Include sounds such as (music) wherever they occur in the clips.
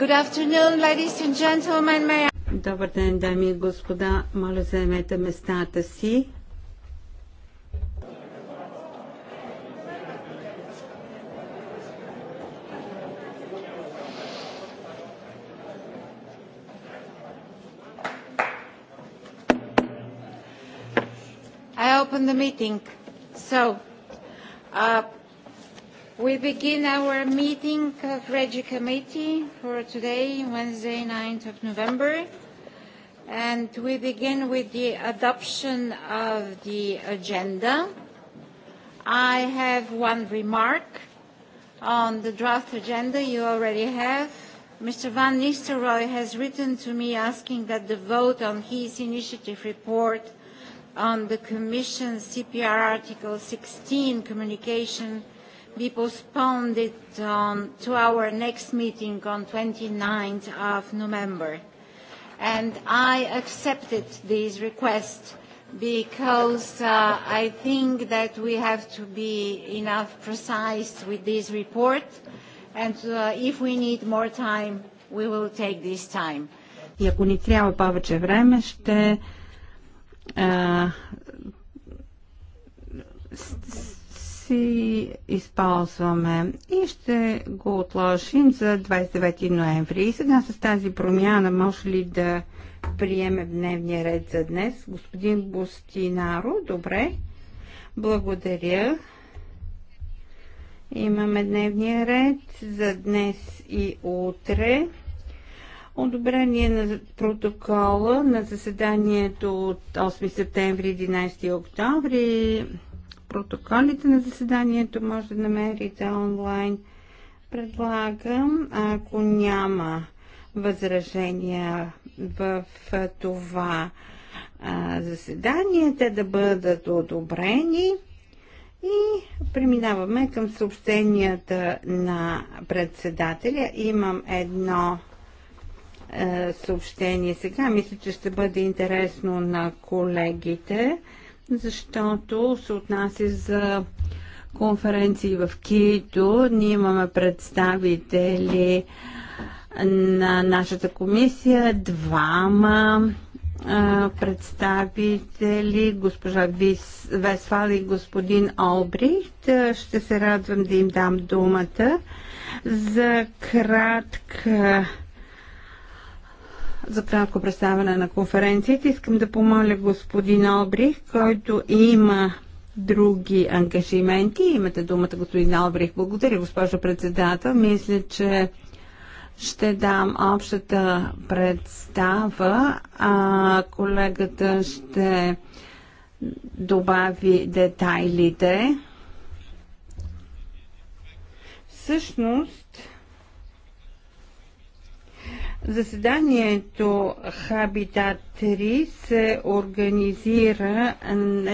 I... Добър ден, дами и господа. Моля, заемете местата си. I open the meeting. So, uh, We begin our meeting of Regi Committee for today, Wednesday, 9th of November. And we begin with the adoption of the agenda. I have one remark on the draft agenda you already have. Mr. Van Nistelrooy has written to me asking that the vote on his initiative report on the Commission's CPR Article 16 communication be postponed it to our next meeting on 29th of November. And I accepted this request because uh, I think that we have to be enough precise with this report. And uh, if we need more time, we will take this time. И ако ни трябва повече време, ще си използваме и ще го отложим за 29 ноември. И сега с тази промяна може ли да приеме дневния ред за днес? Господин Бустинаро, добре. Благодаря. Имаме дневния ред за днес и утре. Одобрение на протокола на заседанието от 8 септември 11 октомври Протоколите на заседанието може да намерите онлайн. Предлагам, ако няма възражения в това заседание, те да бъдат одобрени. И преминаваме към съобщенията на председателя. Имам едно е, съобщение сега. Мисля, че ще бъде интересно на колегите защото се отнася за конференции в Кието. Ние имаме представители на нашата комисия, двама представители, госпожа Весфал и господин Олбрихт. Ще се радвам да им дам думата за кратка за кратко представяне на конференцията. Искам да помоля господин Обрих, който има други ангажименти. Имате думата, господин Албрих. Благодаря, госпожо председател. Мисля, че ще дам общата представа, а колегата ще добави детайлите. Всъщност, Заседанието Хабитат 3 се организира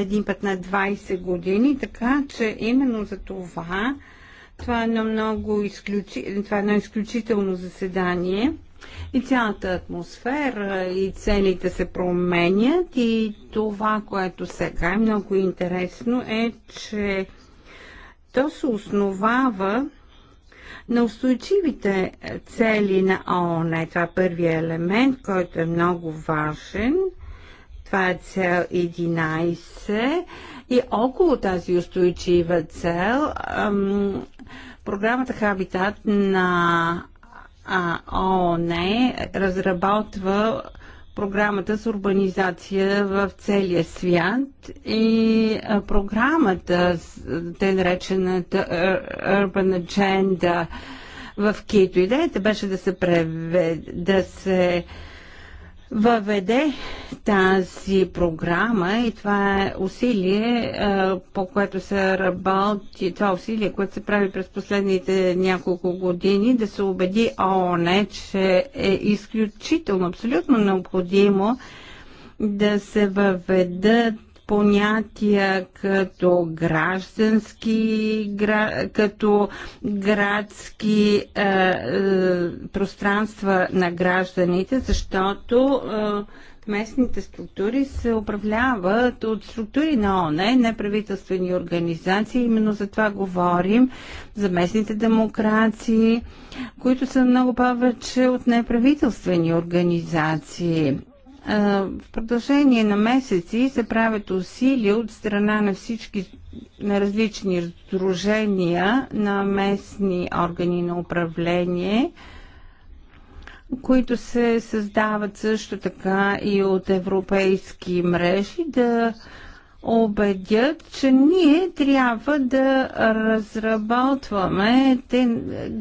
един път на 20 години, така че именно за това това е едно много изключи... това е едно изключително заседание и цялата атмосфера и целите се променят и това, което сега е много интересно е, че то се основава на устойчивите е, цели на ООН. Това е първият елемент, който е много важен. Това е цел 11 и около тази устойчива цел ам, програмата Хабитат на ООН разработва програмата за урбанизация в целия свят и програмата, те наречената Urban Agenda в Кито. Идеята беше да се, преве, да се въведе тази програма и това е усилие, по което се работи, това усилие, което се прави през последните няколко години, да се убеди ООН, че е изключително, абсолютно необходимо да се въведат понятия като граждански, гра, като градски е, е, пространства на гражданите, защото е, местните структури се управляват от структури на ОНЕ, неправителствени организации. Именно за това говорим за местните демокрации, които са много повече от неправителствени организации. В продължение на месеци се правят усилия от страна на всички на различни сдружения на местни органи на управление, които се създават също така и от европейски мрежи да убедят, че ние трябва да разработваме те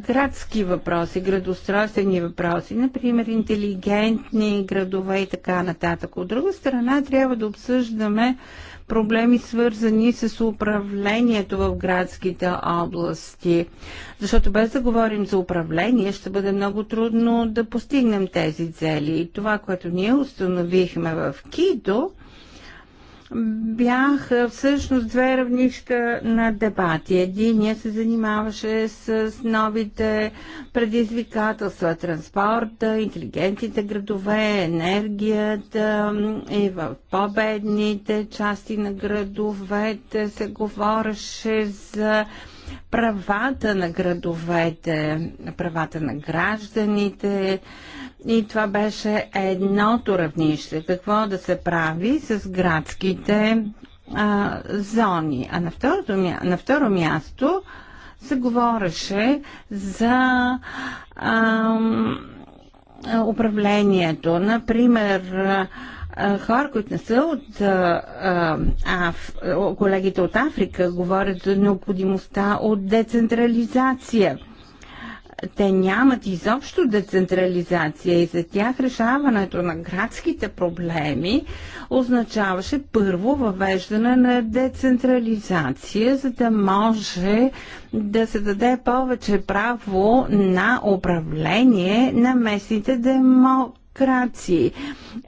градски въпроси, градостройствени въпроси, например интелигентни градове и така нататък. От друга страна трябва да обсъждаме проблеми, свързани с управлението в градските области. Защото без да говорим за управление, ще бъде много трудно да постигнем тези цели. И това, което ние установихме в Кидо, бяха всъщност две равнища на дебати. Единия се занимаваше с новите предизвикателства, транспорта, интелигентните градове, енергията и в победните части на градовете се говореше за правата на градовете, правата на гражданите, и това беше едното равнище. Какво да се прави с градските а, зони. А на, второто, на второ място се говореше за а, управлението. Например, хора, които не са от а, аф, колегите от Африка, говорят за необходимостта от децентрализация те нямат изобщо децентрализация и за тях решаването на градските проблеми означаваше първо въвеждане на децентрализация, за да може да се даде повече право на управление на местните демократи демокрации.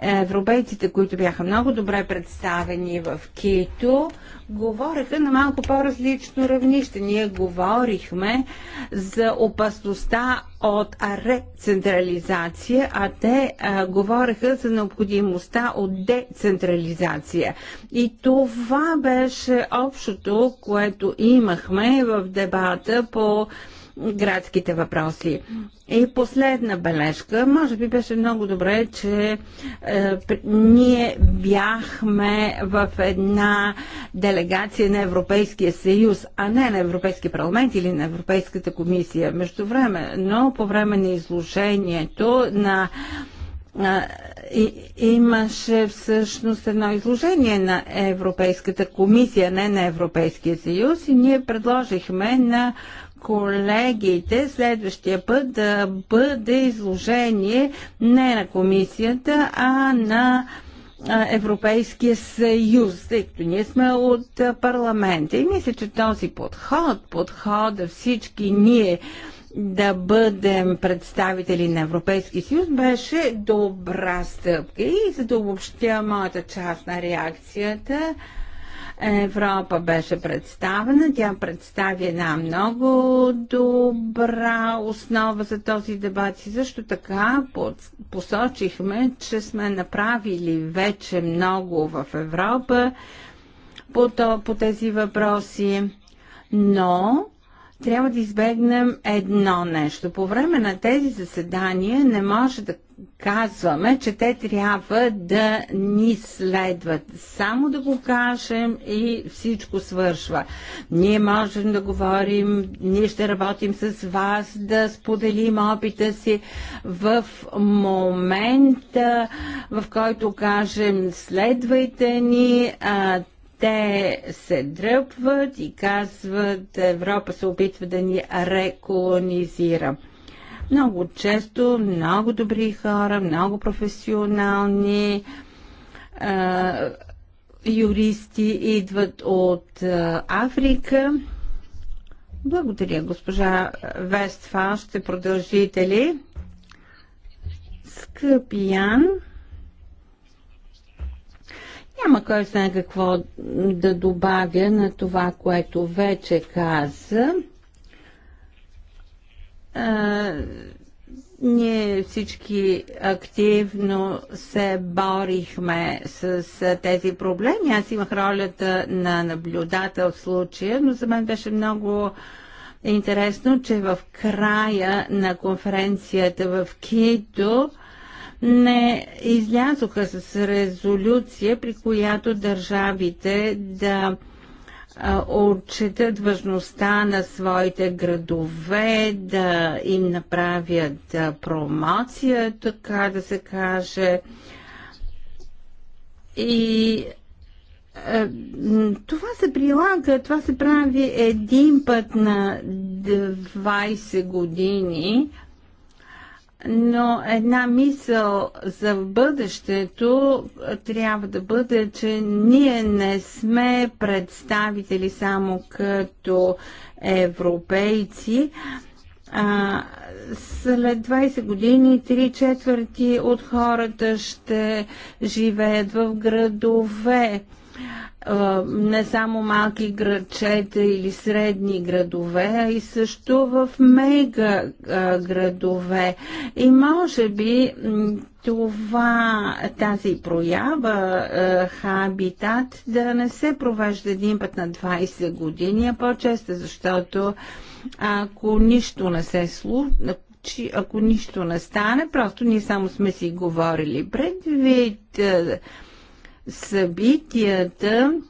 Европейците, които бяха много добре представени в Кито, говореха на малко по-различно равнище. Ние говорихме за опасността от рецентрализация, а те а, говореха за необходимостта от децентрализация. И това беше общото, което имахме в дебата по градските въпроси. И последна бележка, може би беше много добре, че е, ние бяхме в една делегация на Европейския съюз, а не на Европейския парламент или на Европейската комисия. Между време, но по време на изложението на е, и, имаше всъщност едно изложение на Европейската комисия, не на Европейския съюз и ние предложихме на колегите следващия път да бъде изложение не на комисията, а на Европейския съюз, тъй като ние сме от парламента. И мисля, че този подход, подхода всички ние да бъдем представители на Европейския съюз, беше добра стъпка. И за да обобщя моята част на реакцията, Европа беше представена. Тя представи една много добра основа за този дебат и също така посочихме, че сме направили вече много в Европа по, то, по тези въпроси, но трябва да избегнем едно нещо. По време на тези заседания не може да казваме, че те трябва да ни следват. Само да го кажем и всичко свършва. Ние можем да говорим, ние ще работим с вас, да споделим опита си в момента, в който кажем следвайте ни, те се дръпват и казват, Европа се опитва да ни реколонизира. Много често, много добри хора, много професионални е, юристи идват от е, Африка. Благодаря, госпожа Вестфа, Ще продължите ли? Скъпи Ян. Няма кой знае какво да добавя на това, което вече каза. А, ние всички активно се борихме с, с тези проблеми. Аз имах ролята на наблюдател в случая, но за мен беше много интересно, че в края на конференцията в Кито не излязоха с резолюция, при която държавите да отчетат важността на своите градове, да им направят промоция, така да се каже. И това се прилага, това се прави един път на 20 години но една мисъл за бъдещето трябва да бъде, че ние не сме представители само като европейци. А, след 20 години три четвърти от хората ще живеят в градове не само малки градчета или средни градове, а и също в мега градове. И може би това, тази проява хабитат да не се провежда един път на 20 години, а по-често, защото ако нищо не се случи, че ако нищо не стане, просто ние само сме си говорили предвид събитията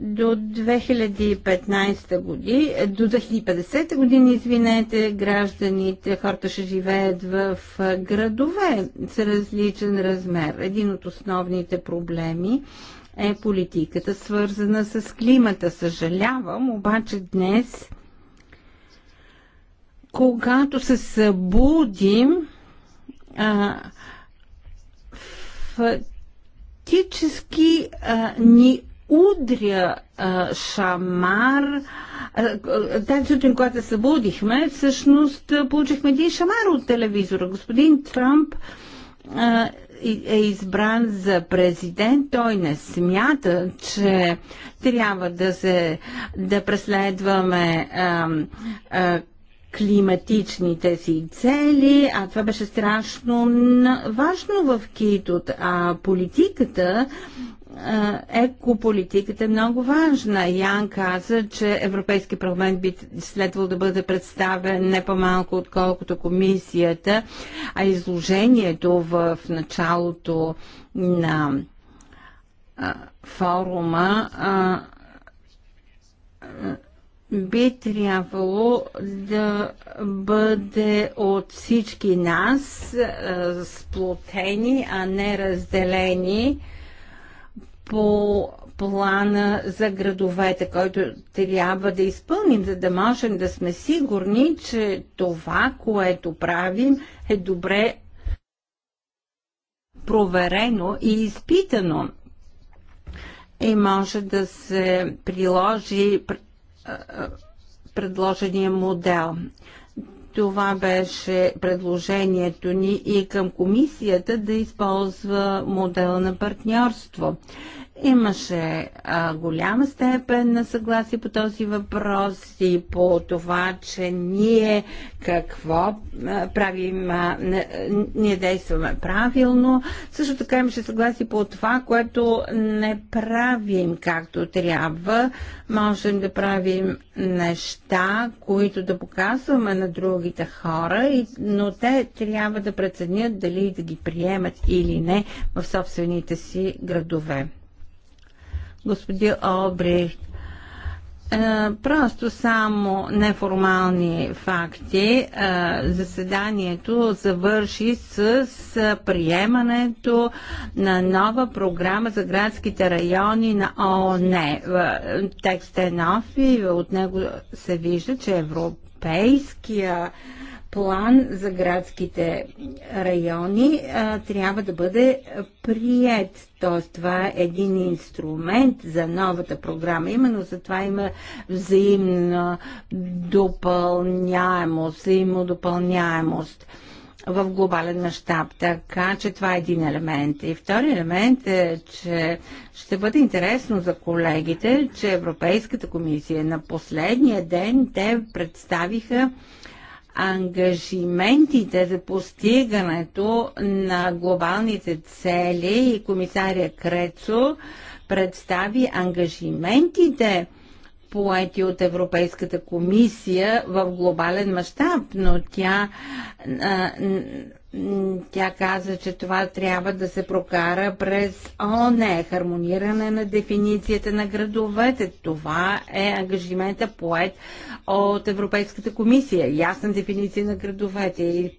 до 2015 година, до 2050 година, извинете, гражданите, хората ще живеят в градове с различен размер. Един от основните проблеми е политиката, свързана с климата. Съжалявам, обаче днес, когато се събудим, а, в фактически а, ни удря а, шамар. А, тази сутрин, когато се събудихме, всъщност получихме един шамар от телевизора. Господин Трамп а, е избран за президент, той не смята, че трябва да се да преследваме а, а, климатичните си цели, а това беше страшно важно в Кито. А политиката екополитиката е много важна. Ян каза, че Европейски парламент би следвал да бъде представен не по-малко, отколкото комисията, а изложението в началото на форума би трябвало да бъде от всички нас е, сплотени, а не разделени по плана за градовете, който трябва да изпълним, за да можем да сме сигурни, че това, което правим, е добре проверено и изпитано и може да се приложи предложения модел. Това беше предложението ни и към комисията да използва модела на партньорство. Имаше а, голяма степен на съгласие по този въпрос и по това, че ние какво а, правим, а, ние действаме правилно. Също така имаше съгласие по това, което не правим както трябва. Можем да правим неща, които да показваме на другите хора, но те трябва да преценят дали да ги приемат или не в собствените си градове господин Обрехт. Просто само неформални факти. Е, заседанието завърши с приемането на нова програма за градските райони на ООН. Е, текстът е нов и от него се вижда, че Европейския план за градските райони а, трябва да бъде прият. Тоест, това е един инструмент за новата програма. Именно за това има взаимна допълняемост, взаимодопълняемост в глобален мащаб. Така че това е един елемент. И втори елемент е, че ще бъде интересно за колегите, че Европейската комисия на последния ден те представиха ангажиментите за постигането на глобалните цели и комисаря Крецо представи ангажиментите поети от Европейската комисия в глобален мащаб, но тя а, тя каза, че това трябва да се прокара през ОНЕ, хармониране на дефиницията на градовете. Това е ангажимента поет от Европейската комисия. Ясна дефиниция на градовете. И,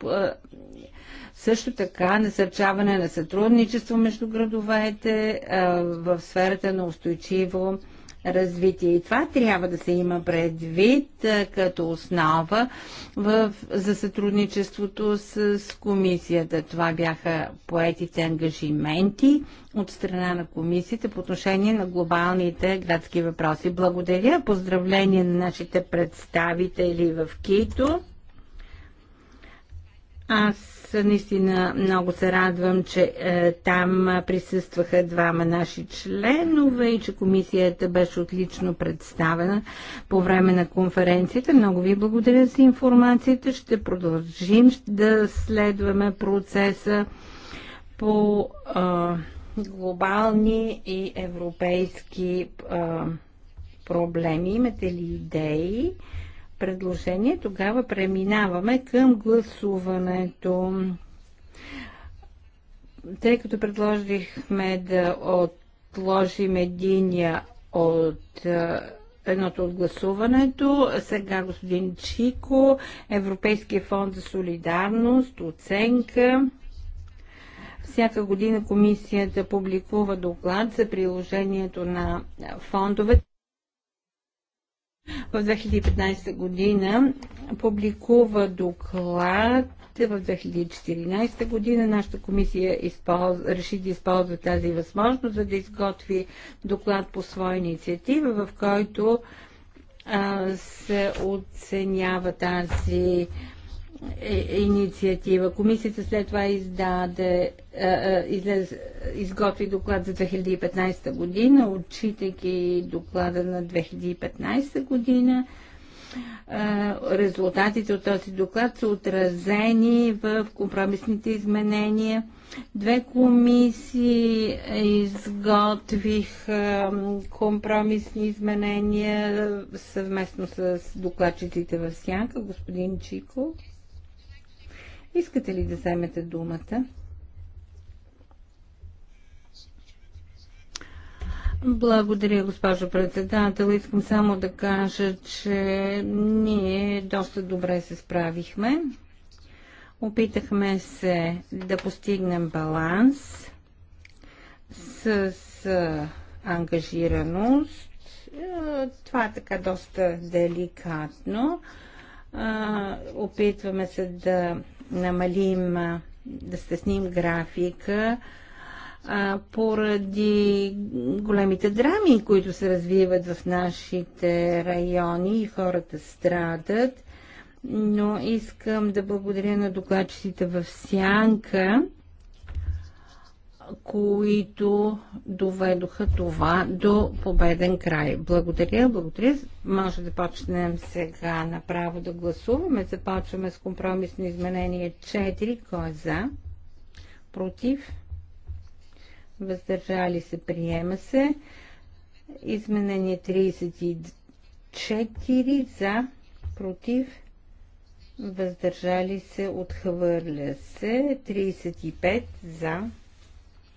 също така насърчаване на сътрудничество между градовете в сферата на устойчиво развитие. И това трябва да се има предвид като основа в, за сътрудничеството с, с комисията. Това бяха поетите ангажименти от страна на комисията по отношение на глобалните градски въпроси. Благодаря. Поздравление на нашите представители в Кито. Аз Наистина много се радвам, че е, там присъстваха двама наши членове и че комисията беше отлично представена по време на конференцията. Много ви благодаря за информацията. Ще продължим да следваме процеса по е, глобални и европейски е, проблеми. Имате ли идеи? предложение. Тогава преминаваме към гласуването. Тъй като предложихме да отложим единия от е, едното от гласуването. Сега господин Чико, Европейския фонд за солидарност, оценка. Всяка година комисията публикува доклад за приложението на фондовете в 2015 година публикува доклад в 2014 година. Нашата комисия използ... реши да използва тази възможност, за да изготви доклад по своя инициатива, в който а, се оценява тази а, е, е инициатива. Комисията след това издаде, е, излез, изготви доклад за 2015 година, отчитайки доклада на 2015 година. Резултатите от този доклад са отразени в компромисните изменения. Две комисии изготвих компромисни изменения съвместно с докладчиците в Сянка, господин Чико Искате ли да вземете думата? Благодаря, госпожо председател. Искам само да кажа, че ние доста добре се справихме. Опитахме се да постигнем баланс с, ангажираност. Това е така доста деликатно. Опитваме се да намалим, да стесним графика а, поради големите драми, които се развиват в нашите райони и хората страдат. Но искам да благодаря на докладчиците в Сянка които доведоха това до победен край. Благодаря, благодаря. Може да почнем сега направо да гласуваме. Започваме с компромисно изменение 4. Кой е за? Против? Въздържали се? Приема се. Изменение 34 за, против, въздържали се, отхвърля се, 35 за,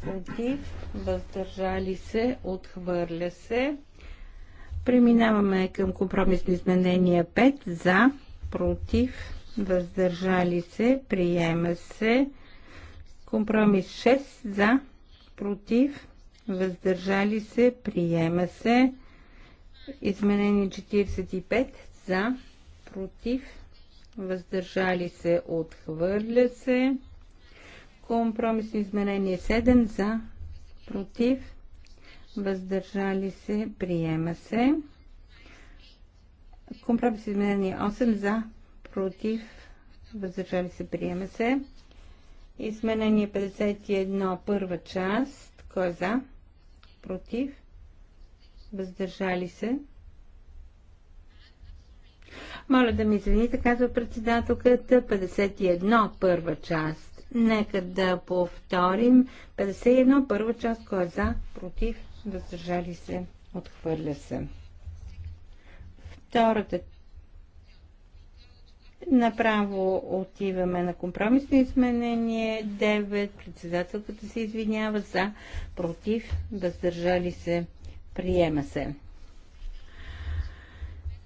против, въздържали се, отхвърля се. Преминаваме към компромисни изменение 5 за, против, въздържали се, приема се. Компромис 6 за, против, въздържали се, приема се. Изменение 45 за, против, въздържали се, отхвърля се. Компромисно изменение 7 за, против, въздържали се, приема се. компромис изменение 8 за, против, въздържали се, приема се. Изменение 51, първа част, кой е за, против, въздържали се. Моля да ми извините, казва председателката, 51, първа част Нека да повторим. 51 първа част, кой е за, против, въздържали се, отхвърля се. Втората Направо отиваме на компромисно изменение 9. Председателката се извинява за против, въздържали се, приема се.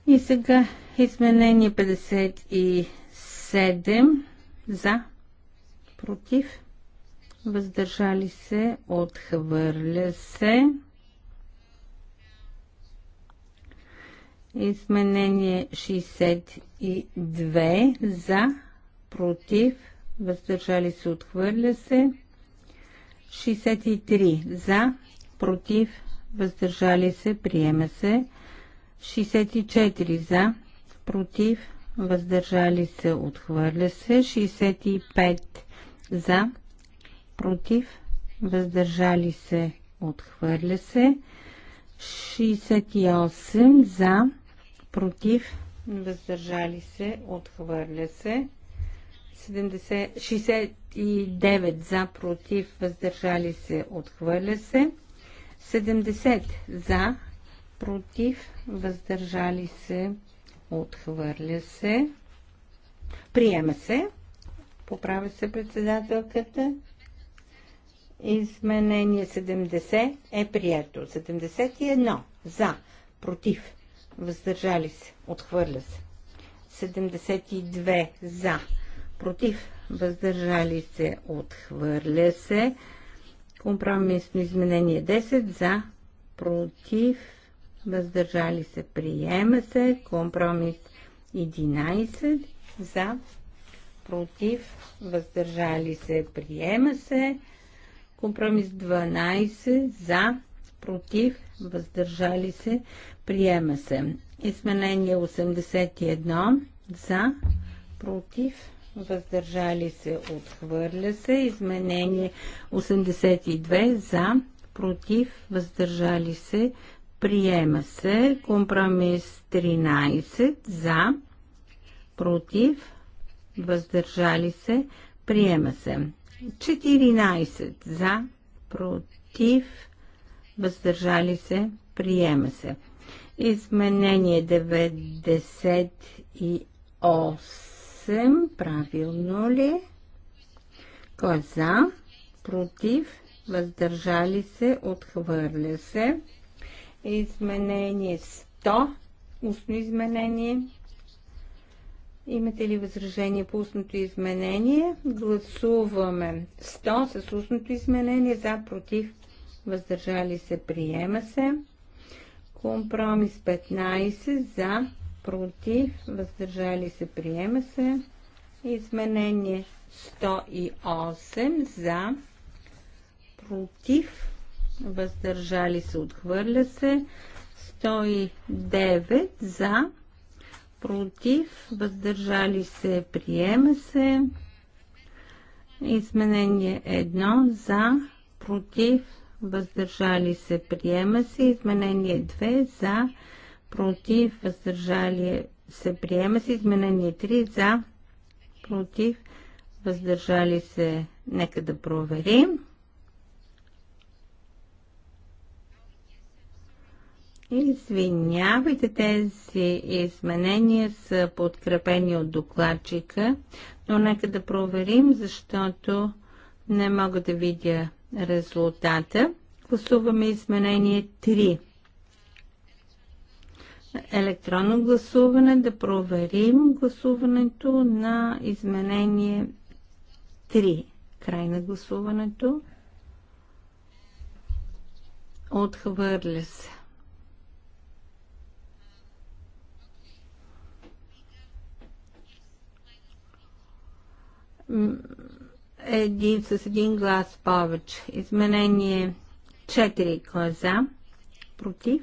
И сега изменение 57 за против, въздържали се, отхвърля се. Изменение 62 за, против, въздържали се, отхвърля се. 63 за, против, въздържали се, приема се. 64 за, против, въздържали се, отхвърля се. 65 за, против, въздържали се, отхвърля се. 68 за, против, въздържали се, отхвърля се. 70, 69 за, против, въздържали се, отхвърля се. 70 за, против, въздържали се, отхвърля се. Приема се. Поправя се председателката. Изменение 70 е прието. 71 за, против, въздържали се, отхвърля се. 72 за, против, въздържали се, отхвърля се. Компромисно изменение 10 за, против, въздържали се, приема се. Компромис 11 за, против, въздържали се, приема се. Компромис 12 за, против, въздържали се, приема се. Изменение 81 за, против, въздържали се, отхвърля се. Изменение 82 за, против, въздържали се, приема се. Компромис 13 за, против, въздържали се, приема се. 14 за, против, въздържали се, приема се. Изменение 98, правилно ли? Кой е за, против, въздържали се, отхвърля се. Изменение 100, устно изменение Имате ли възражение по устното изменение? Гласуваме 100 с устното изменение, за, против, въздържали се, приема се. Компромис 15, за, против, въздържали се, приема се. Изменение 108, за, против, въздържали се, отхвърля се. 109, за, против против, въздържали се, приема се. Изменение 1 за, против, въздържали се, приема се. Изменение 2 за, против, въздържали се, приема се. Изменение 3 за, против, въздържали се. Нека да проверим. Извинявайте, тези изменения са подкрепени от докладчика, но нека да проверим, защото не мога да видя резултата. Гласуваме изменение 3. Електронно гласуване, да проверим гласуването на изменение 3. Край на гласуването. Отхвърля се. един с един глас повече. Изменение 4 кой е за, против,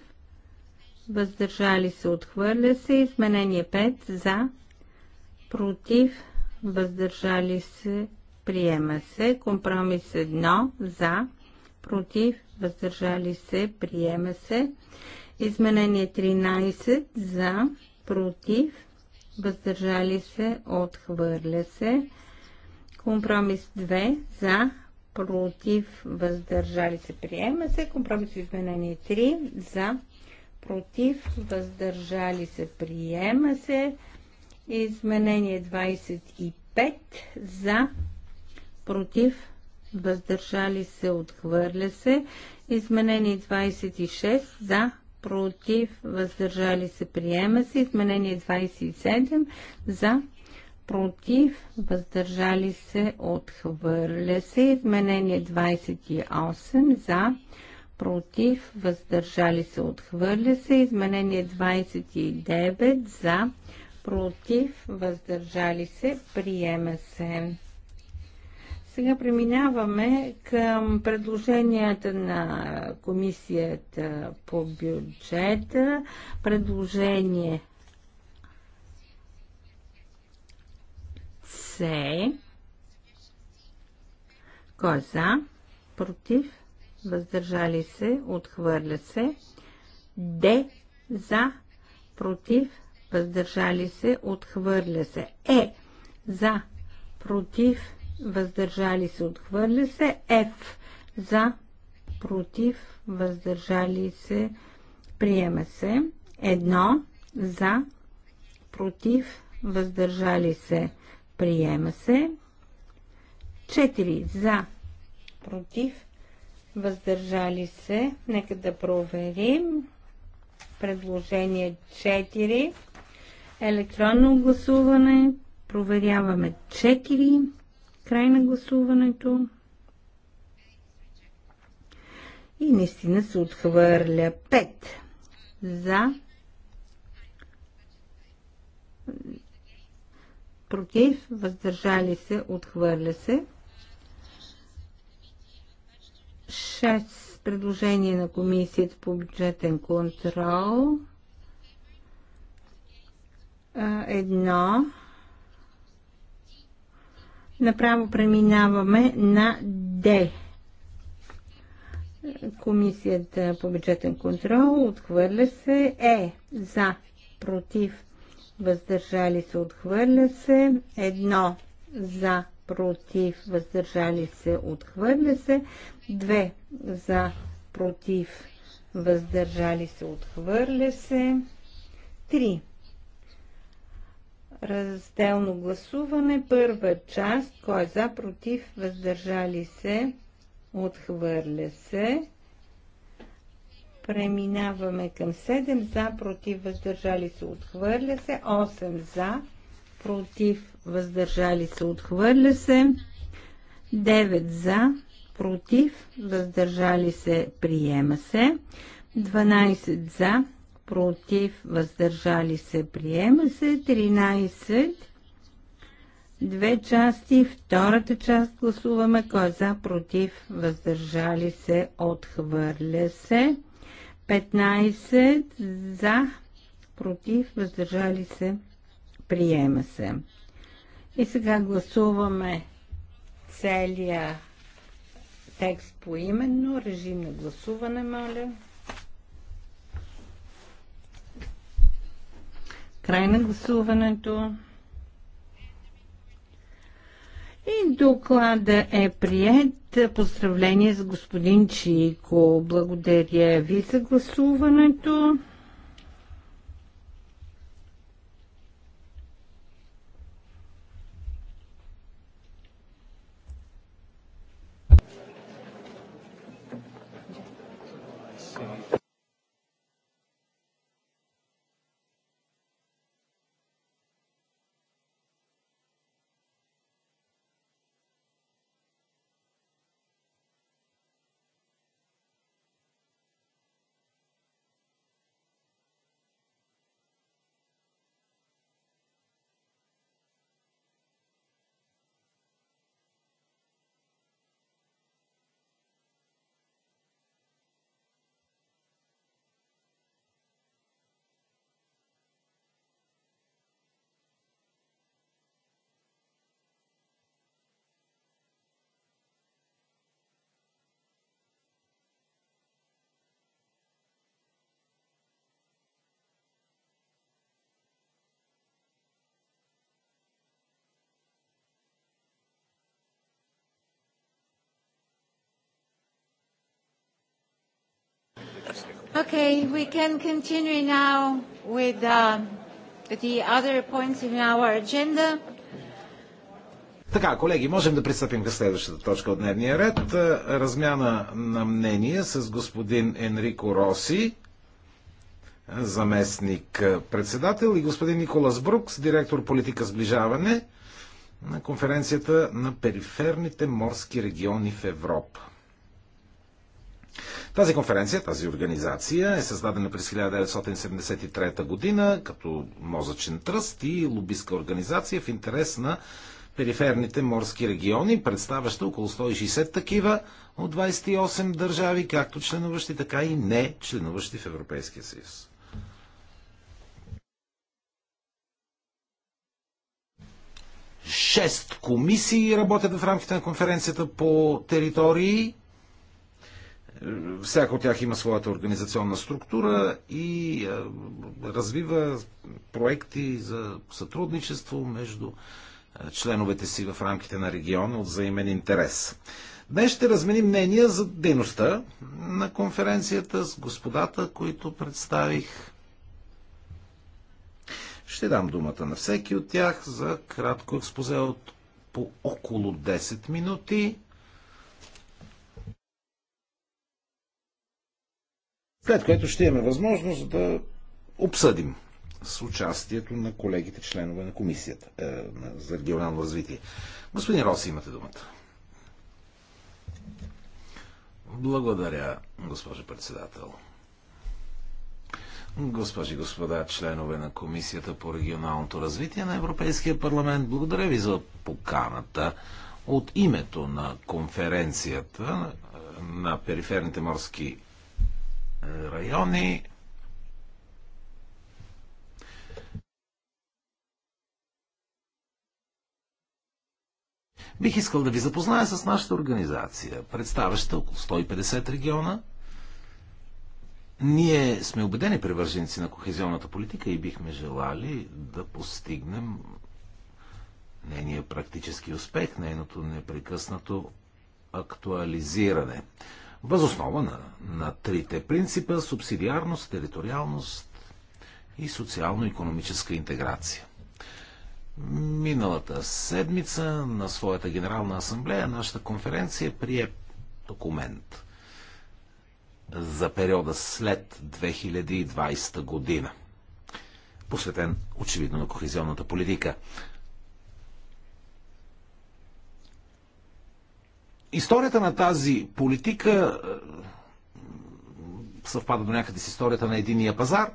въздържали се, отхвърля се. Изменение 5 за, против, въздържали се, приема се. Компромис 1 за, против, въздържали се, приема се. Изменение 13 за, против, въздържали се, отхвърля се. Компромис 2 за, против, въздържали се, приема се. Компромис изменение 3 за, против, въздържали се, приема се. Изменение 25 за, против, въздържали се, отхвърля се. Изменение 26 за, против, въздържали се, приема се. Изменение 27 за, против, въздържали се, отхвърля се. Изменение 28 за, против, въздържали се, отхвърля се. Изменение 29 за, против, въздържали се, приема се. Сега преминаваме към предложенията на комисията по бюджета. Предложение C. Кой е за? Против? Въздържали се? Отхвърля се. Д. За? Против? Въздържали се? Отхвърля се. Е. За? Против? Въздържали се? Отхвърля се. Ф. За? Против? Въздържали се? Приема се. Едно. За? Против? Въздържали се? Приема се. 4 за. Против. Въздържали се. Нека да проверим. Предложение 4. Електронно гласуване. Проверяваме 4. Край на гласуването. И наистина се отхвърля 5. За. против, въздържали се, отхвърля се. 6 предложение на комисията по бюджетен контрол. Едно. Направо преминаваме на Д. Комисията по бюджетен контрол отхвърля се Е за против въздържали се, отхвърля се. Едно за, против, въздържали се, отхвърля се. Две за, против, въздържали се, отхвърля се. Три. Разделно гласуване. Първа част. Кой е за, против, въздържали се, отхвърля се. Преминаваме към 7 за, против, въздържали се, отхвърля се. 8 за, против, въздържали се, отхвърля се. 9 за, против, въздържали се, приема се. 12 за, против, въздържали се, приема се. 13 Две части, втората част гласуваме кой е за, против, въздържали се, отхвърля се. 15 за, против, въздържали се, приема се. И сега гласуваме целия текст по именно. Режим на гласуване, моля. Край на гласуването. И доклада е прият. Поздравление с господин Чико. Благодаря ви за гласуването. Okay, we can continue now with uh, the other points in our agenda. Така, колеги, можем да пристъпим към следващата точка от дневния ред. Е, размяна на мнение с господин Енрико Роси, заместник е, председател, и господин Николас Брукс, директор политика сближаване на конференцията на периферните морски региони в Европа. Тази конференция, тази организация е създадена през 1973 година като мозъчен тръст и лобистка организация в интерес на периферните морски региони, представяща около 160 такива от 28 държави, както членуващи, така и не членуващи в Европейския съюз. Шест комисии работят в рамките на конференцията по територии всяка от тях има своята организационна структура и развива проекти за сътрудничество между членовете си в рамките на региона от взаимен интерес. Днес ще разменим мнения за дейността на конференцията с господата, които представих. Ще дам думата на всеки от тях за кратко експозе от по около 10 минути. след което ще имаме възможност да обсъдим с участието на колегите членове на комисията е, за регионално развитие. Господин Роси, имате думата. Благодаря, госпожо председател. Госпожи и господа, членове на Комисията по регионалното развитие на Европейския парламент, благодаря ви за поканата от името на конференцията е, на периферните морски райони. Бих искал да ви запозная с нашата организация, представяща около 150 региона. Ние сме убедени привърженици на кохезионната политика и бихме желали да постигнем нейния практически успех, нейното непрекъснато актуализиране възоснова на, на трите принципа субсидиарност, териториалност и социално-економическа интеграция. Миналата седмица на своята Генерална асамблея нашата конференция прие документ за периода след 2020 година, посветен очевидно на кохезионната политика. Историята на тази политика е, съвпада до някъде с историята на единия пазар.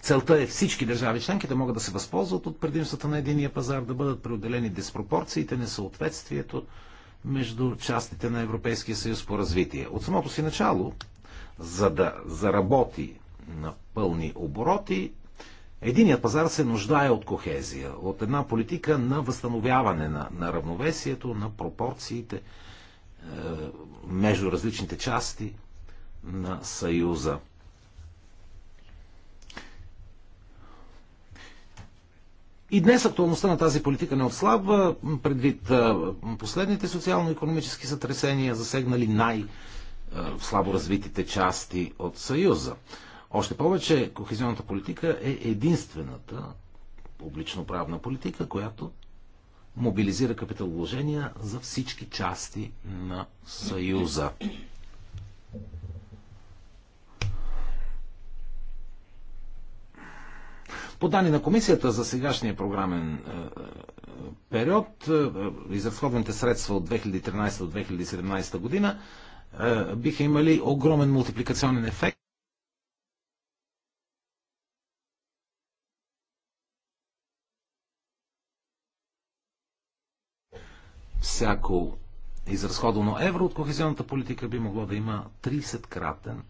Целта е всички държави членки да могат да се възползват от предимствата на единия пазар, да бъдат преоделени диспропорциите, несъответствието между частите на Европейския съюз по развитие. От самото си начало, за да заработи на пълни обороти, единият пазар се нуждае от кохезия, от една политика на възстановяване на, на равновесието, на пропорциите, между различните части на Съюза. И днес актуалността на тази политика не отслабва, предвид последните социално-економически сътресения, засегнали най-слабо развитите части от Съюза. Още повече, кохезионната политика е единствената публично-правна политика, която мобилизира капиталовложения за всички части на Съюза. По данни на комисията за сегашния програмен е, е, период, е, изразходваните средства от 2013 до 2017 година биха имали огромен мултипликационен ефект всяко изразходено евро от кохезионната политика би могло да има 30-кратен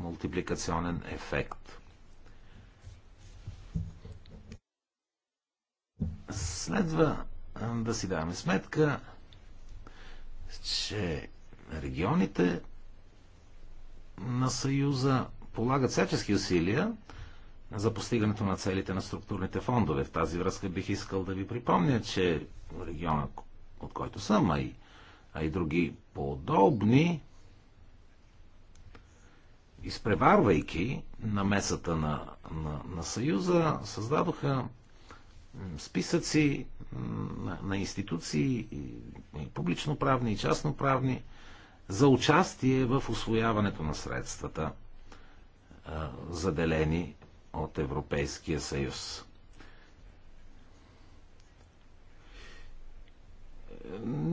мултипликационен ефект. Следва да си даваме сметка, че регионите на Съюза полагат всячески усилия за постигането на целите на структурните фондове. В тази връзка бих искал да ви припомня, че региона от който съм, а и, а и други подобни, изпреварвайки намесата на, на, на Съюза, създадоха списъци на, на институции, и публично-правни, и частно-правни, за участие в освояването на средствата, заделени от Европейския съюз.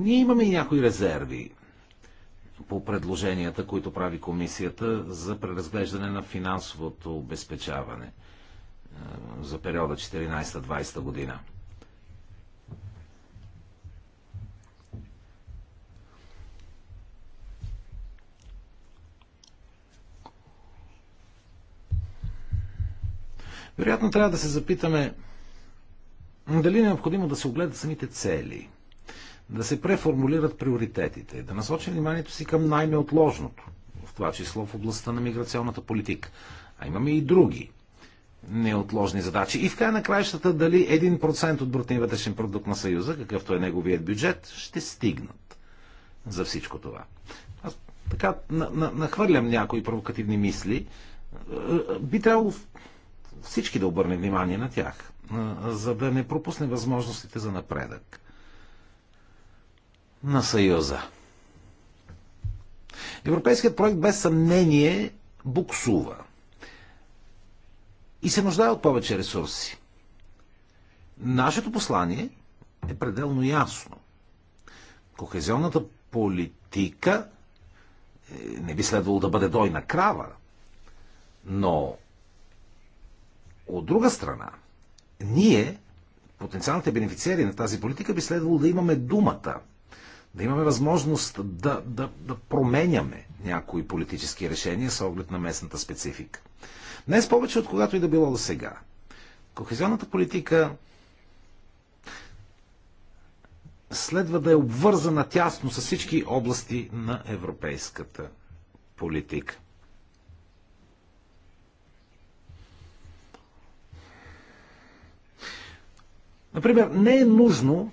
Ние имаме и някои резерви по предложенията, които прави комисията за преразглеждане на финансовото обезпечаване е, за периода 14-20 година. Вероятно трябва да се запитаме дали е необходимо да се огледат самите цели – да се преформулират приоритетите, да насочи вниманието си към най-неотложното, в това число в областта на миграционната политика. А имаме и други неотложни задачи. И в край на краищата дали 1% от брутния вътрешен продукт на Съюза, какъвто е неговият бюджет, ще стигнат за всичко това. Аз така на, на, нахвърлям някои провокативни мисли. Е, би трябвало всички да обърнем внимание на тях, е, за да не пропусне възможностите за напредък на Съюза. Европейският проект без съмнение буксува и се нуждае от повече ресурси. Нашето послание е пределно ясно. Кохезионната политика е, не би следвало да бъде дойна крава, но от друга страна, ние, потенциалните бенефициери на тази политика, би следвало да имаме думата – да имаме възможност да, да, да променяме някои политически решения с оглед на местната специфика. Днес повече от когато и да било до сега. Кохезионната политика следва да е обвързана тясно с всички области на европейската политика. Например, не е нужно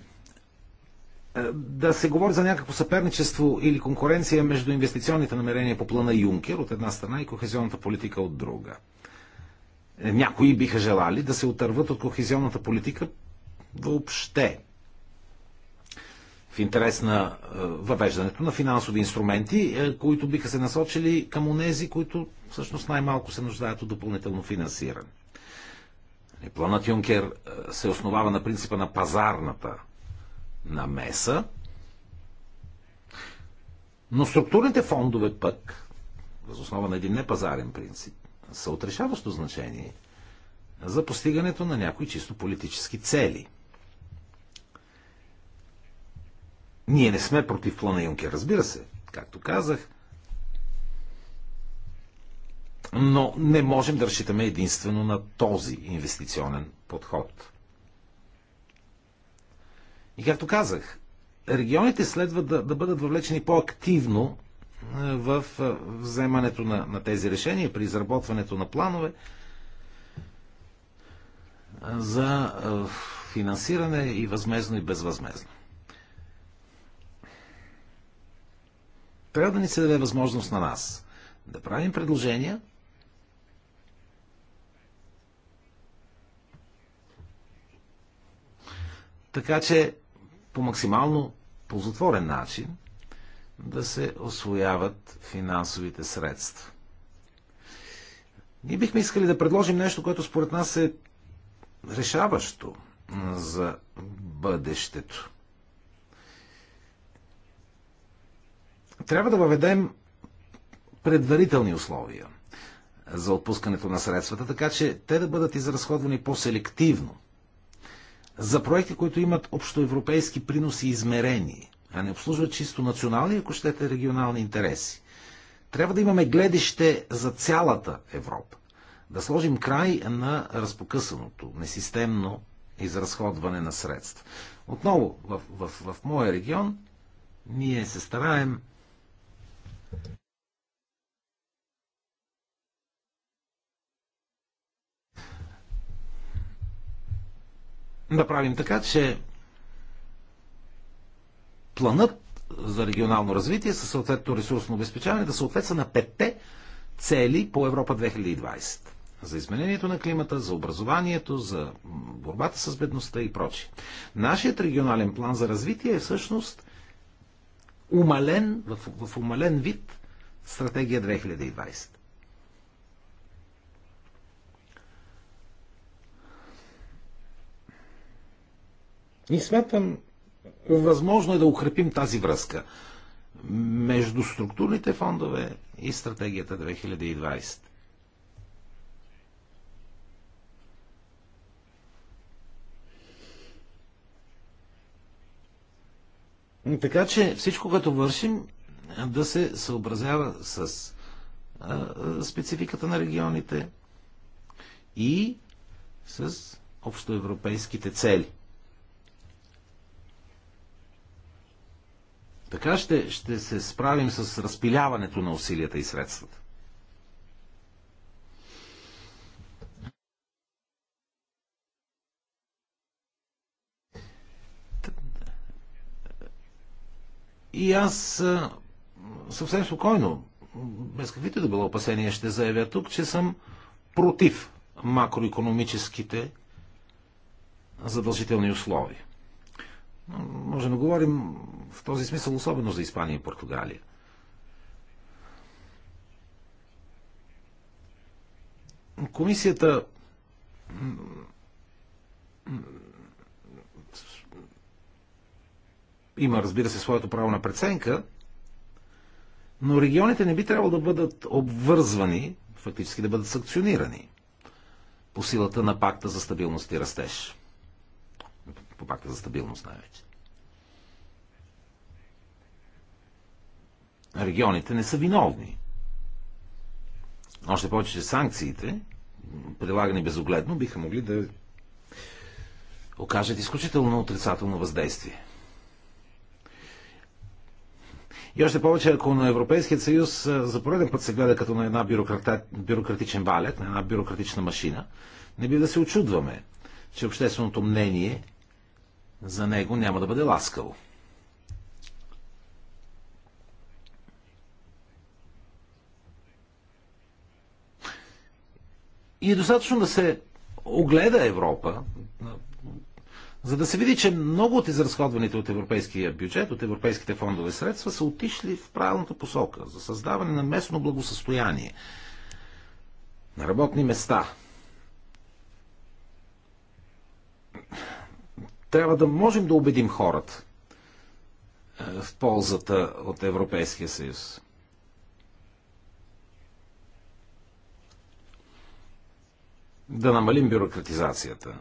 е, да се говори за някакво съперничество или конкуренция между инвестиционните намерения по плана Юнкер от една страна и кохезионната политика от друга. Е, някои биха желали да се отърват от кохезионната политика въобще в интерес на е, въвеждането на финансови инструменти, които биха се насочили към онези, които всъщност най-малко се нуждаят от допълнително финансиране. Планът Юнкер се основава на принципа на пазарната намеса. Но структурните фондове пък, въз основа на един непазарен принцип, са отрешаващо значение за постигането на някои чисто политически цели. Ние не сме против плана Юнкер, разбира се, както казах, но не можем да разчитаме единствено на този инвестиционен подход. И както казах, регионите следва да, да бъдат въвлечени по-активно е, в е, вземането на, на тези решения, при изработването на планове е, за финансиране и възмезно и безвъзмезно. Трябва да ни се даде възможност на нас да правим предложения, така че по максимално ползотворен начин да се освояват финансовите средства. Ние бихме искали да предложим нещо, което според нас е решаващо за бъдещето. Трябва да въведем предварителни условия за отпускането на средствата, така че те да бъдат изразходвани по-селективно за проекти, които имат общоевропейски приноси и измерения, а не обслужват чисто национални, ако щете регионални интереси. Трябва да имаме гледище за цялата Европа. Да сложим край на разпокъсаното, несистемно изразходване на средства. Отново, в, в, в моя регион ние се стараем направим така, че планът за регионално развитие със съответно ресурсно обезпечаване да съответства на петте цели по Европа 2020. За изменението на климата, за образованието, за борбата с бедността и прочи. Нашият регионален план за развитие е всъщност умален, в, в умален вид стратегия 2020. И смятам, възможно е да укрепим тази връзка между структурните фондове и стратегията 2020. Така че всичко, като вършим, да се съобразява с а, спецификата на регионите и с общоевропейските цели. Така ще, ще се справим с разпиляването на усилията и средствата. И аз съвсем спокойно, без каквито да било опасения, ще заявя тук, че съм против макроекономическите задължителни условия. Можем да говорим в този смисъл особено за Испания и Португалия. Комисията има, разбира се, своето право на преценка, но регионите не би трябвало да бъдат обвързвани, фактически да бъдат санкционирани по силата на пакта за стабилност и растеж по пакта за стабилност най-вече. Регионите не са виновни. Още повече, че санкциите, прилагани безогледно, биха могли да окажат изключително отрицателно въздействие. И още повече, ако на Европейският съюз за пореден път се гледа като на една бюрократичен валет, на една бюрократична машина, не би да се очудваме, че общественото мнение за него няма да бъде ласкаво. И е достатъчно да се огледа Европа, за да се види, че много от изразходваните от европейския бюджет, от европейските фондове средства са отишли в правилната посока за създаване на местно благосъстояние, на работни места – Трябва да можем да убедим хората е, в ползата от Европейския съюз. Да намалим бюрократизацията,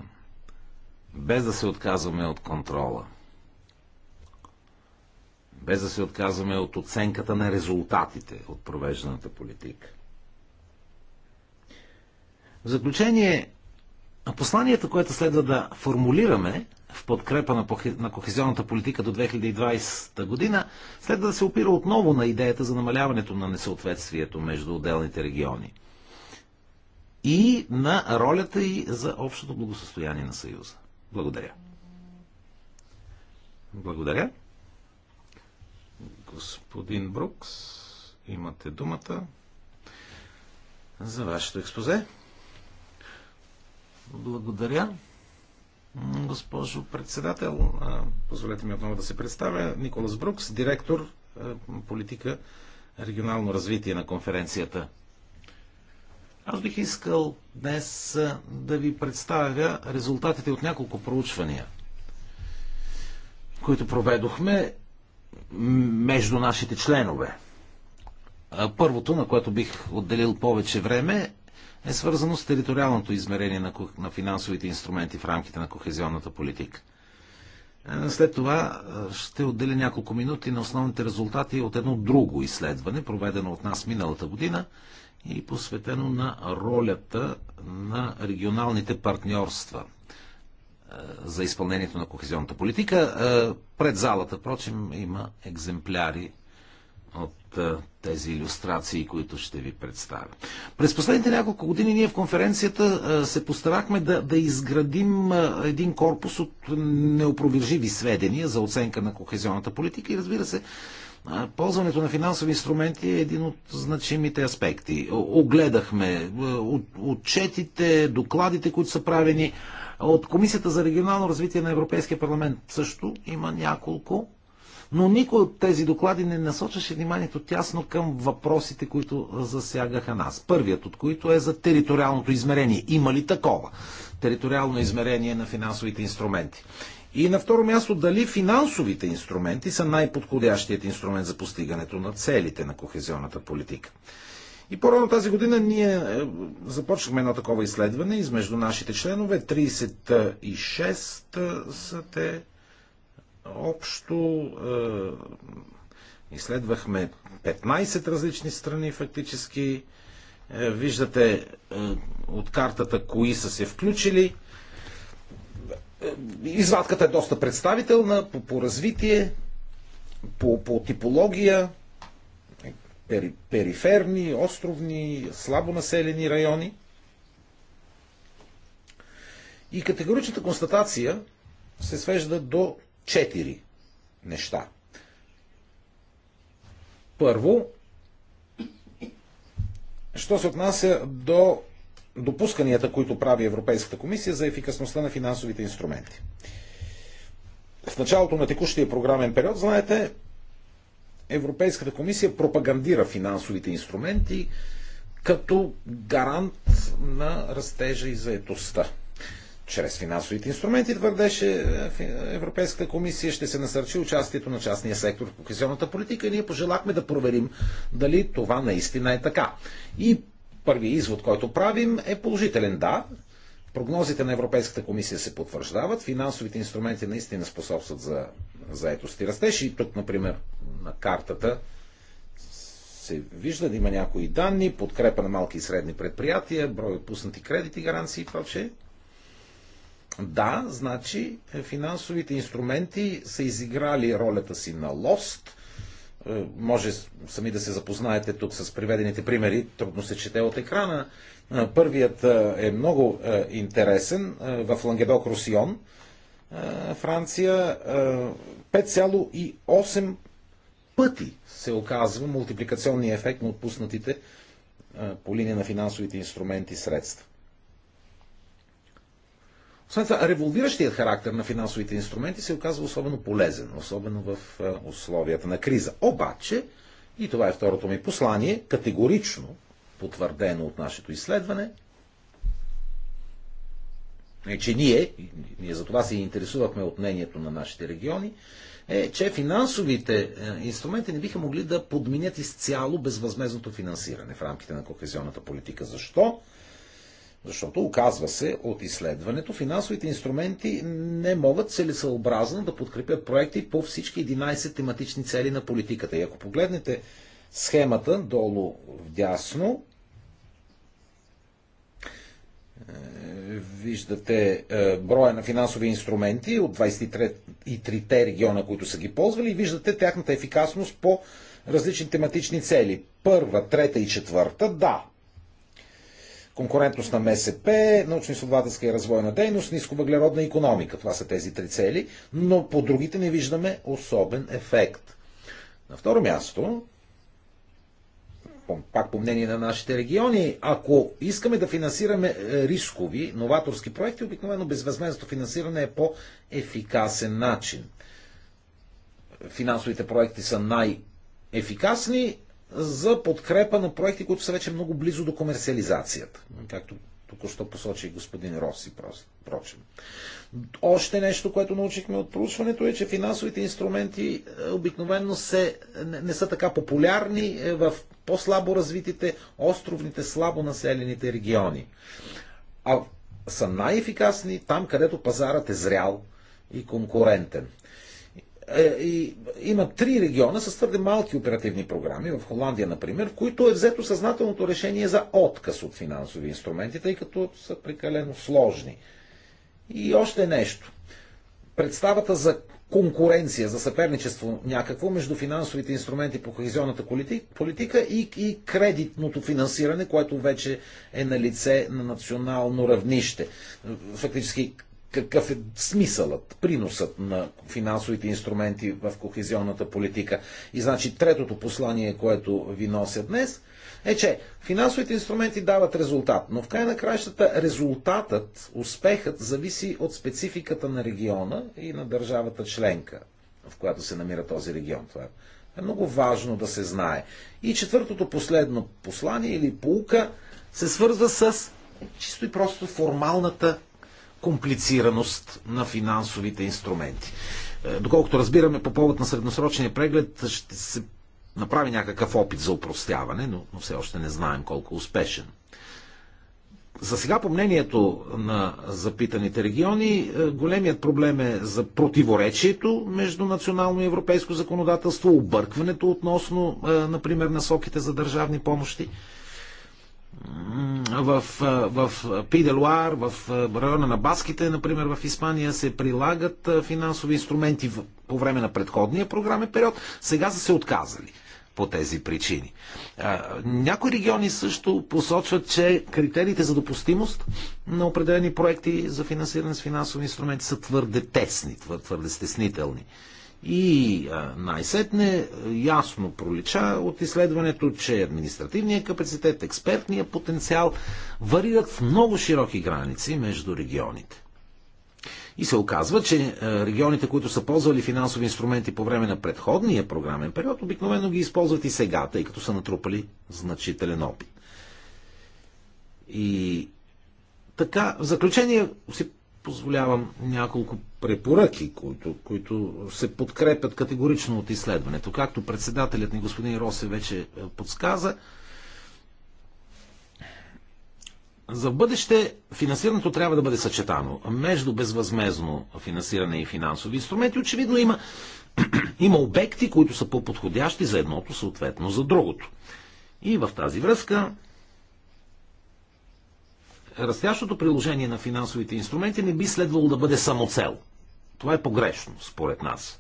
без да се отказваме от контрола, без да се отказваме от оценката на резултатите от провежданата политика. В заключение, посланието, което следва да формулираме в подкрепа на кохезионната политика до 2020 година, следва да се опира отново на идеята за намаляването на несъответствието между отделните региони и на ролята и за общото благосостояние на Съюза. Благодаря. Благодаря. Господин Брукс, имате думата за вашето експозе. Благодаря. Госпожо председател, позволете ми отново да се представя. Николас Брукс, директор политика регионално развитие на конференцията. Аз бих искал днес да ви представя резултатите от няколко проучвания, които проведохме между нашите членове. Първото, на което бих отделил повече време, е свързано с териториалното измерение на, на финансовите инструменти в рамките на кохезионната политика. Е, след това е, ще отделя няколко минути на основните резултати от едно друго изследване, проведено от нас миналата година и посветено на ролята на регионалните партньорства е, за изпълнението на кохезионната политика. Пред залата, прочим, има екземпляри от тези иллюстрации, които ще ви представя. През последните няколко години ние в конференцията се постарахме да, да изградим един корпус от неопроверживи сведения за оценка на кохезионната политика и разбира се, Ползването на финансови инструменти е един от значимите аспекти. Огледахме отчетите, докладите, които са правени. От Комисията за регионално развитие на Европейския парламент също има няколко но никой от тези доклади не насочаше вниманието тясно към въпросите, които засягаха нас. Първият от които е за териториалното измерение. Има ли такова? Териториално измерение на финансовите инструменти. И на второ място, дали финансовите инструменти са най-подходящият инструмент за постигането на целите на кохезионната политика. И по-рано тази година ние е, започнахме едно такова изследване измежду нашите членове. 36 е, са те общо е, изследвахме 15 различни страни фактически. Е, виждате е, от картата кои са се включили. Е, извадката е доста представителна по, по развитие, по, по типология, пери, периферни, островни, слабо населени райони. И категоричната констатация се свежда до четири неща. Първо, що се отнася до допусканията, които прави Европейската комисия за ефикасността на финансовите инструменти. В началото на текущия програмен период, знаете, Европейската комисия пропагандира финансовите инструменти като гарант на растежа и заетостта чрез финансовите инструменти, твърдеше е, Европейската комисия, ще се насърчи участието на частния сектор в кохезионната политика и ние пожелахме да проверим дали това наистина е така. И първият извод, който правим е положителен. Да, прогнозите на Европейската комисия се потвърждават, финансовите инструменти наистина способстват за заетост и растеж. И тук, например, на картата се вижда да има някои данни, подкрепа на малки и средни предприятия, брой отпуснати кредити, гаранции и прочее. Да, значи е, финансовите инструменти са изиграли ролята си на лост. Е, може сами да се запознаете тук с приведените примери, трудно се чете от екрана. Е, първият е много интересен в Лангедок Русион, Франция. 5,8 пъти се оказва мултипликационния ефект на отпуснатите по линия на финансовите инструменти средства. Освен това, револвиращият характер на финансовите инструменти се оказва особено полезен, особено в е, условията на криза. Обаче, и това е второто ми послание, категорично потвърдено от нашето изследване, е, че ние, ние за това се интересувахме от мнението на нашите региони, е, че финансовите е, инструменти не биха могли да подминят изцяло безвъзмезното финансиране в рамките на кохезионната политика. Защо? Защото, оказва се, от изследването финансовите инструменти не могат целесъобразно да подкрепят проекти по всички 11 тематични цели на политиката. И ако погледнете схемата долу вдясно, е, виждате е, броя на финансови инструменти от 23-те региона, които са ги ползвали и виждате тяхната ефикасност по различни тематични цели. Първа, трета и четвърта, да, конкурентност на МСП, научно-изследователска и развойна дейност, нисковъглеродна економика. Това са тези три цели, но по другите не виждаме особен ефект. На второ място, пак по мнение на нашите региони, ако искаме да финансираме е, рискови, новаторски проекти, обикновено безвъзмезното финансиране е по-ефикасен начин. Финансовите проекти са най-ефикасни, за подкрепа на проекти, които са вече много близо до комерциализацията. Както току-що посочи господин Роси, прочим. Още нещо, което научихме от проучването е, че финансовите инструменти е, обикновенно се, не, не са така популярни е, в по-слабо развитите, островните, слабо населените региони. А са най-ефикасни там, където пазарът е зрял и конкурентен. Е, и, има три региона с твърде малки оперативни програми, в Холандия, например, в които е взето съзнателното решение за отказ от финансови инструменти, тъй като са прекалено сложни. И още нещо. Представата за конкуренция, за съперничество някакво между финансовите инструменти по кохезионната политика и, и кредитното финансиране, което вече е на лице на национално равнище. Фактически какъв е смисълът, приносът на финансовите инструменти в кохезионната политика. И значи третото послание, което ви нося днес, е, че финансовите инструменти дават резултат, но в край на краищата резултатът, успехът зависи от спецификата на региона и на държавата членка, в която се намира този регион. Това е много важно да се знае. И четвъртото последно послание или полука се свързва с чисто и просто формалната комплицираност на финансовите инструменти. Е, доколкото разбираме, по повод на средносрочния преглед ще се направи някакъв опит за упростяване, но, но все още не знаем колко успешен. За сега, по мнението на запитаните региони, е, големият проблем е за противоречието между национално и европейско законодателство, объркването относно, е, например, насоките за държавни помощи в, в Пиделуар, в района на Баските, например, в Испания, се прилагат финансови инструменти по време на предходния програмен период. Сега са се отказали по тези причини. Някои региони също посочват, че критериите за допустимост на определени проекти за финансиране с финансови инструменти са твърде тесни, твърде стеснителни. И най-сетне ясно пролича от изследването, че административният капацитет, експертният потенциал варират в много широки граници между регионите. И се оказва, че регионите, които са ползвали финансови инструменти по време на предходния програмен период, обикновено ги използват и сега, тъй като са натрупали значителен опит. И така, в заключение си позволявам няколко препоръки, които, които се подкрепят категорично от изследването. Както председателят ни господин Росе вече е, подсказа, за бъдеще финансирането трябва да бъде съчетано между безвъзмезно финансиране и финансови инструменти. Очевидно има, (clears throat) има обекти, които са по-подходящи за едното, съответно за другото. И в тази връзка растящото приложение на финансовите инструменти не би следвало да бъде самоцел. Това е погрешно, според нас.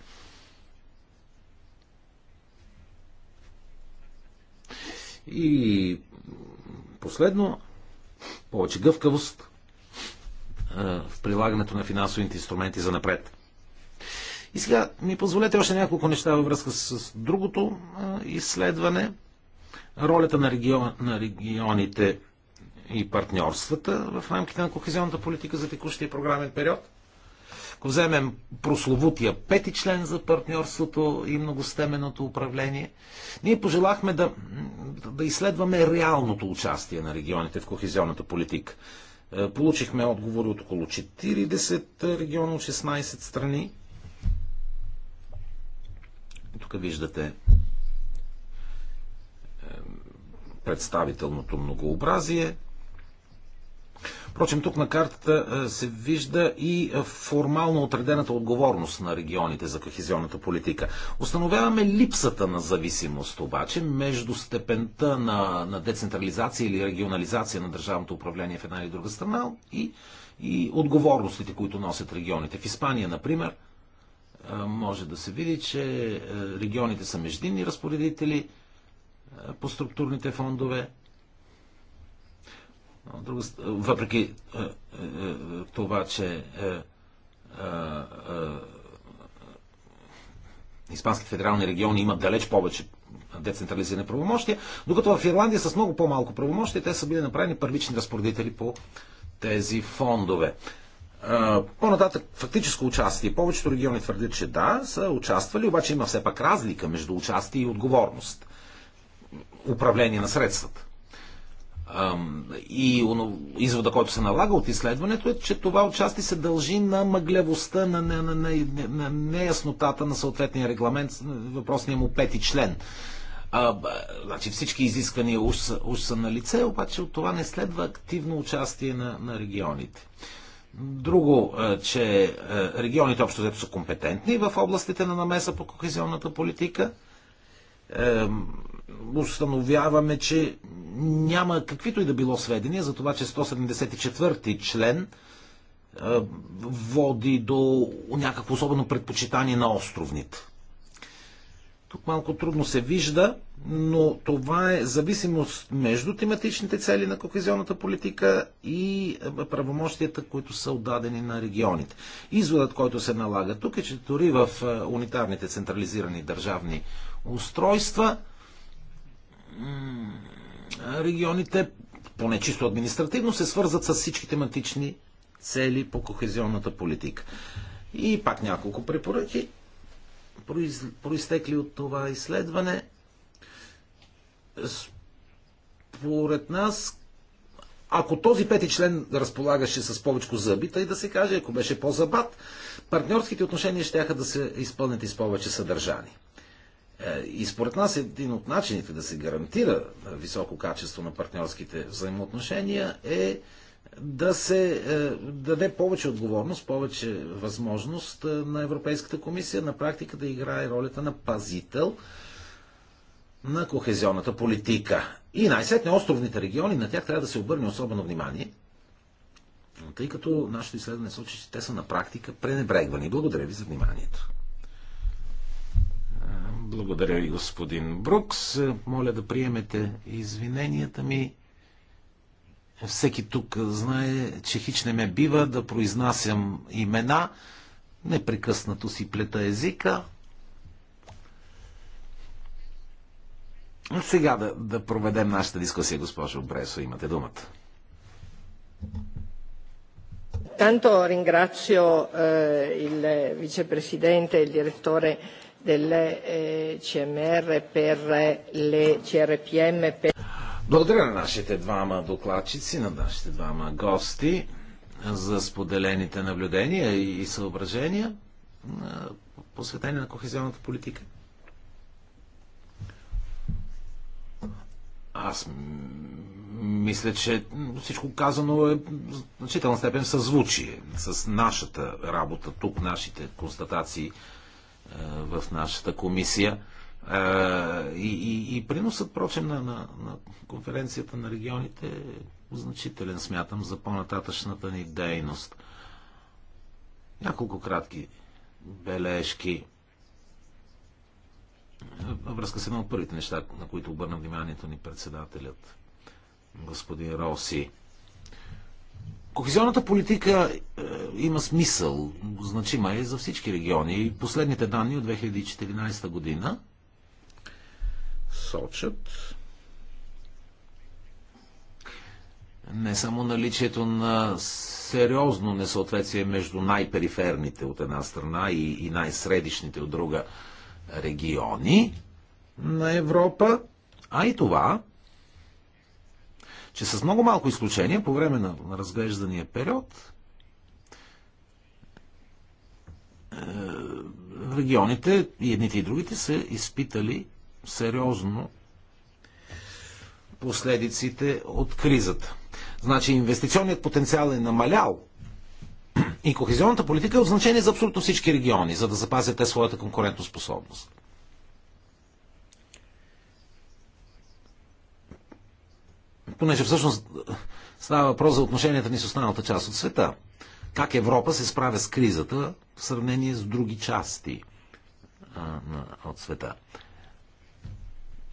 И последно, повече гъвкавост в прилагането на финансовите инструменти за напред. И сега ми позволете още няколко неща във връзка с другото изследване. Ролята на, регион, на регионите и партньорствата в рамките на кохезионната политика за текущия програмен период. Ако вземем прословутия пети член за партньорството и многостеменото управление, ние пожелахме да, да изследваме реалното участие на регионите в кохезионната политика. Е, получихме отговори от около 40 региона от 16 страни. Тук виждате е, представителното многообразие. Впрочем, тук на картата се вижда и формално отредената отговорност на регионите за кохезионната политика. Установяваме липсата на зависимост обаче между степента на, на децентрализация или регионализация на държавното управление в една или друга страна и, и отговорностите, които носят регионите. В Испания, например, може да се види, че регионите са междинни разпоредители по структурните фондове, въпреки е, е, е, това, че Испанските федерални региони имат далеч повече децентрализирани правомощия, докато в Ирландия с много по-малко правомощия те са били направени първични разпоредители по тези фондове. По-нататък фактическо участие. Повечето региони твърдят, че да, са участвали, обаче има все пак разлика между участие и отговорност. Управление на средствата. И извода, който се налага от изследването е, че това отчасти се дължи на мъглявостта, на, на, на, на, на неяснотата на съответния регламент, въпросния му пети член. А, значи всички изисквания уж са, уж са на лице, обаче от това не следва активно участие на, на регионите. Друго, е, че е, регионите общо взето са компетентни в областите на намеса по кохезионната политика установяваме, че няма каквито и да било сведения за това, че 174 ти член е, води до някакво особено предпочитание на островните. Тук малко трудно се вижда, но това е зависимост между тематичните цели на кохезионната политика и е, правомощията, които са отдадени на регионите. Изводът, който се налага тук е, че дори в е, унитарните централизирани държавни устройства – регионите, поне чисто административно, се свързат с всички тематични цели по кохезионната политика. И пак няколко препоръки, произ... произтекли от това изследване. Според нас, ако този пети член разполагаше с повече зъби, и да се каже, ако беше по-забат, партньорските отношения ще да се изпълнят и с повече съдържание. Е, и според нас един от начините да се гарантира високо качество на партньорските взаимоотношения е да се е, даде повече отговорност, повече възможност е, на Европейската комисия на практика да играе ролята на пазител на кохезионната политика. И най-сетне островните региони, на тях трябва да се обърне особено внимание, тъй като нашето изследване случи, че те са на практика пренебрегвани. Благодаря ви за вниманието. Благодаря ви, господин Брукс. Моля да приемете извиненията ми. Всеки тук знае, че хич не ме бива да произнасям имена. Непрекъснато си плета езика. Сега да, да проведем нашата дискусия, госпожо Бресо. Имате думата. Tanto ringrazio eh, il vicepresidente e il direttore del eh, CMR per le CRPM. Per... Благодаря на нашите двама докладчици, на нашите двама гости за споделените наблюдения и съображения, посветени на кохезионната политика. Аз мисля, че всичко казано е в значителна степен съзвучие с нашата работа тук, нашите констатации в нашата комисия. И, и, и приносът, прочим, на, на, на конференцията на регионите е значителен, смятам, за по-нататъчната ни дейност. Няколко кратки бележки във връзка с едно от първите неща, на които обърна вниманието ни председателят господин Роси. Кохезионната политика е, има смисъл, значима е за всички региони. Последните данни от 2014 година сочат не само наличието на сериозно несъответствие между най-периферните от една страна и, и най-средишните от друга региони на Европа, а и това, че с много малко изключение по време на разглеждания период е, регионите, и едните и другите, са изпитали сериозно последиците от кризата. Значи инвестиционният потенциал е намалял и кохезионната политика е от значение за абсолютно всички региони, за да запазят те своята конкурентоспособност. понеже всъщност е, става въпрос за отношенията ни с останалата част от света. Как Европа се справя с кризата в сравнение с други части е, от света.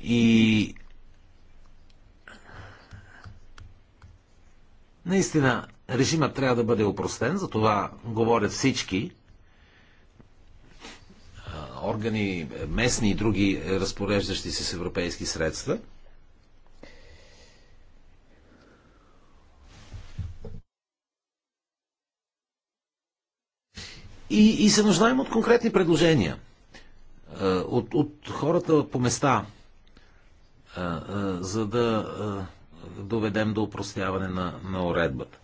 И наистина режимът трябва да бъде опростен, за това говорят всички е, органи, местни и други разпореждащи се с европейски средства – И, и се нуждаем от конкретни предложения. От, от хората по места, за да доведем до упростяване на, на уредбата.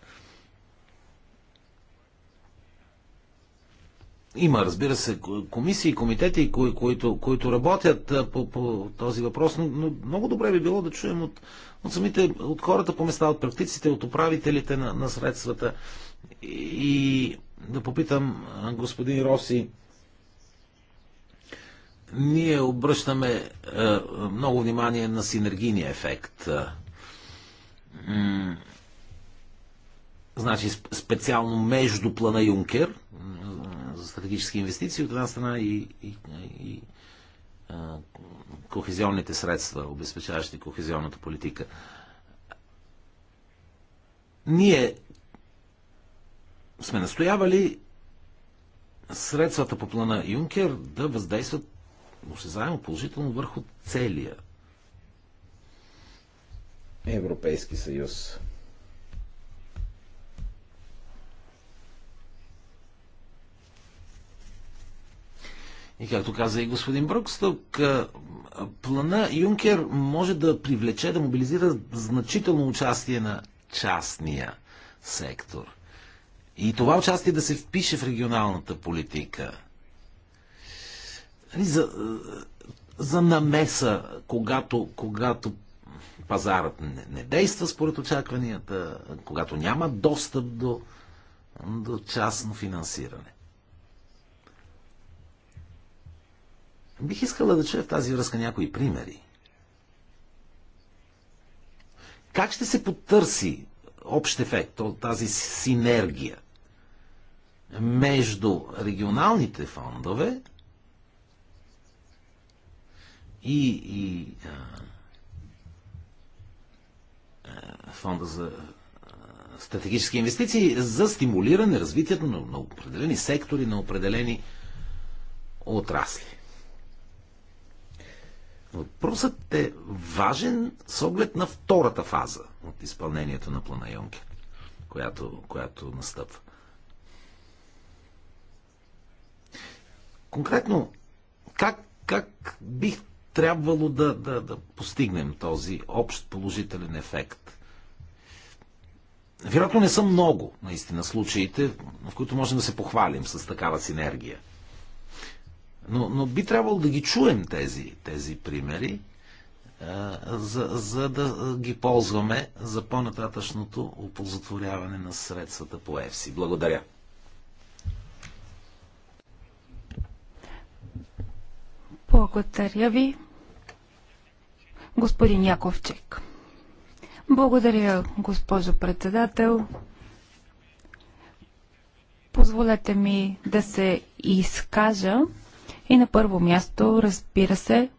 Има, разбира се, комисии, комитети, кои, които, които работят по, по този въпрос, но, но много добре би било да чуем от, от самите, от хората по места, от практиците, от управителите на, на средствата и да попитам господин Роси. Ние обръщаме е, много внимание на синергийния ефект. Е, значи специално между плана Юнкер за стратегически инвестиции от една страна и, и, и кохезионните средства, обезпечаващи кохезионната политика. Ние сме настоявали средствата по плана Юнкер да въздействат осезаемо положително върху целия Европейски съюз. И както каза и господин Брукс тук, плана Юнкер може да привлече, да мобилизира значително участие на частния сектор – и това участие да се впише в регионалната политика. Ами за, за намеса, когато, когато пазарът не, не действа според очакванията, когато няма достъп до, до частно финансиране. Бих искала да чуя в тази връзка някои примери. Как ще се потърси общ ефект от тази синергия – между регионалните фондове и, и а, фонда за стратегически инвестиции за стимулиране развитието на, на определени сектори, на определени отрасли. Въпросът е важен с оглед на втората фаза от изпълнението на плана Йонкер, която, която настъпва. Конкретно, как, как бих трябвало да, да, да постигнем този общ положителен ефект? Вероятно не са много, наистина, случаите, в които можем да се похвалим с такава синергия. Но, но би трябвало да ги чуем тези, тези примери, за, за да ги ползваме за по-нататъчното оползотворяване на средствата по ЕФСИ. Благодаря. Благодаря ви, господин Яковчик. Благодаря, госпожо председател. Позволете ми да се изкажа и на първо място, разбира се,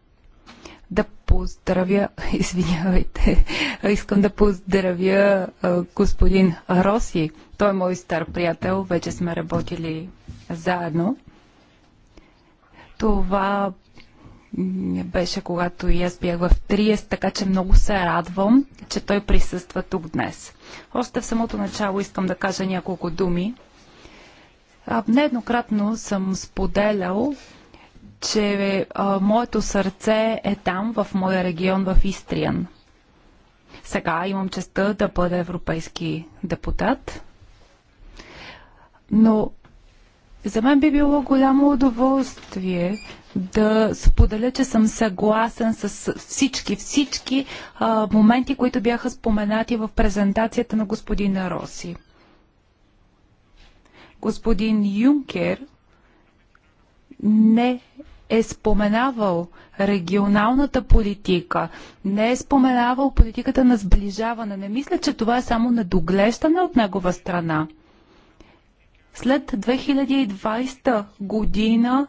да поздравя, (laughs) извинявайте, искам да поздравя господин Роси. Той е мой стар приятел, вече сме работили заедно. Това беше, когато и аз бях в Триест, така че много се радвам, че той присъства тук днес. Още в самото начало искам да кажа няколко думи. Нееднократно съм споделял, че а, моето сърце е там, в моя регион, в Истриан. Сега имам честа да бъда европейски депутат, но за мен би било голямо удоволствие да споделя, че съм съгласен с всички, всички а, моменти, които бяха споменати в презентацията на господина Роси. Господин Юнкер не е споменавал регионалната политика, не е споменавал политиката на сближаване. Не мисля, че това е само недоглеждане от негова страна. След 2020 година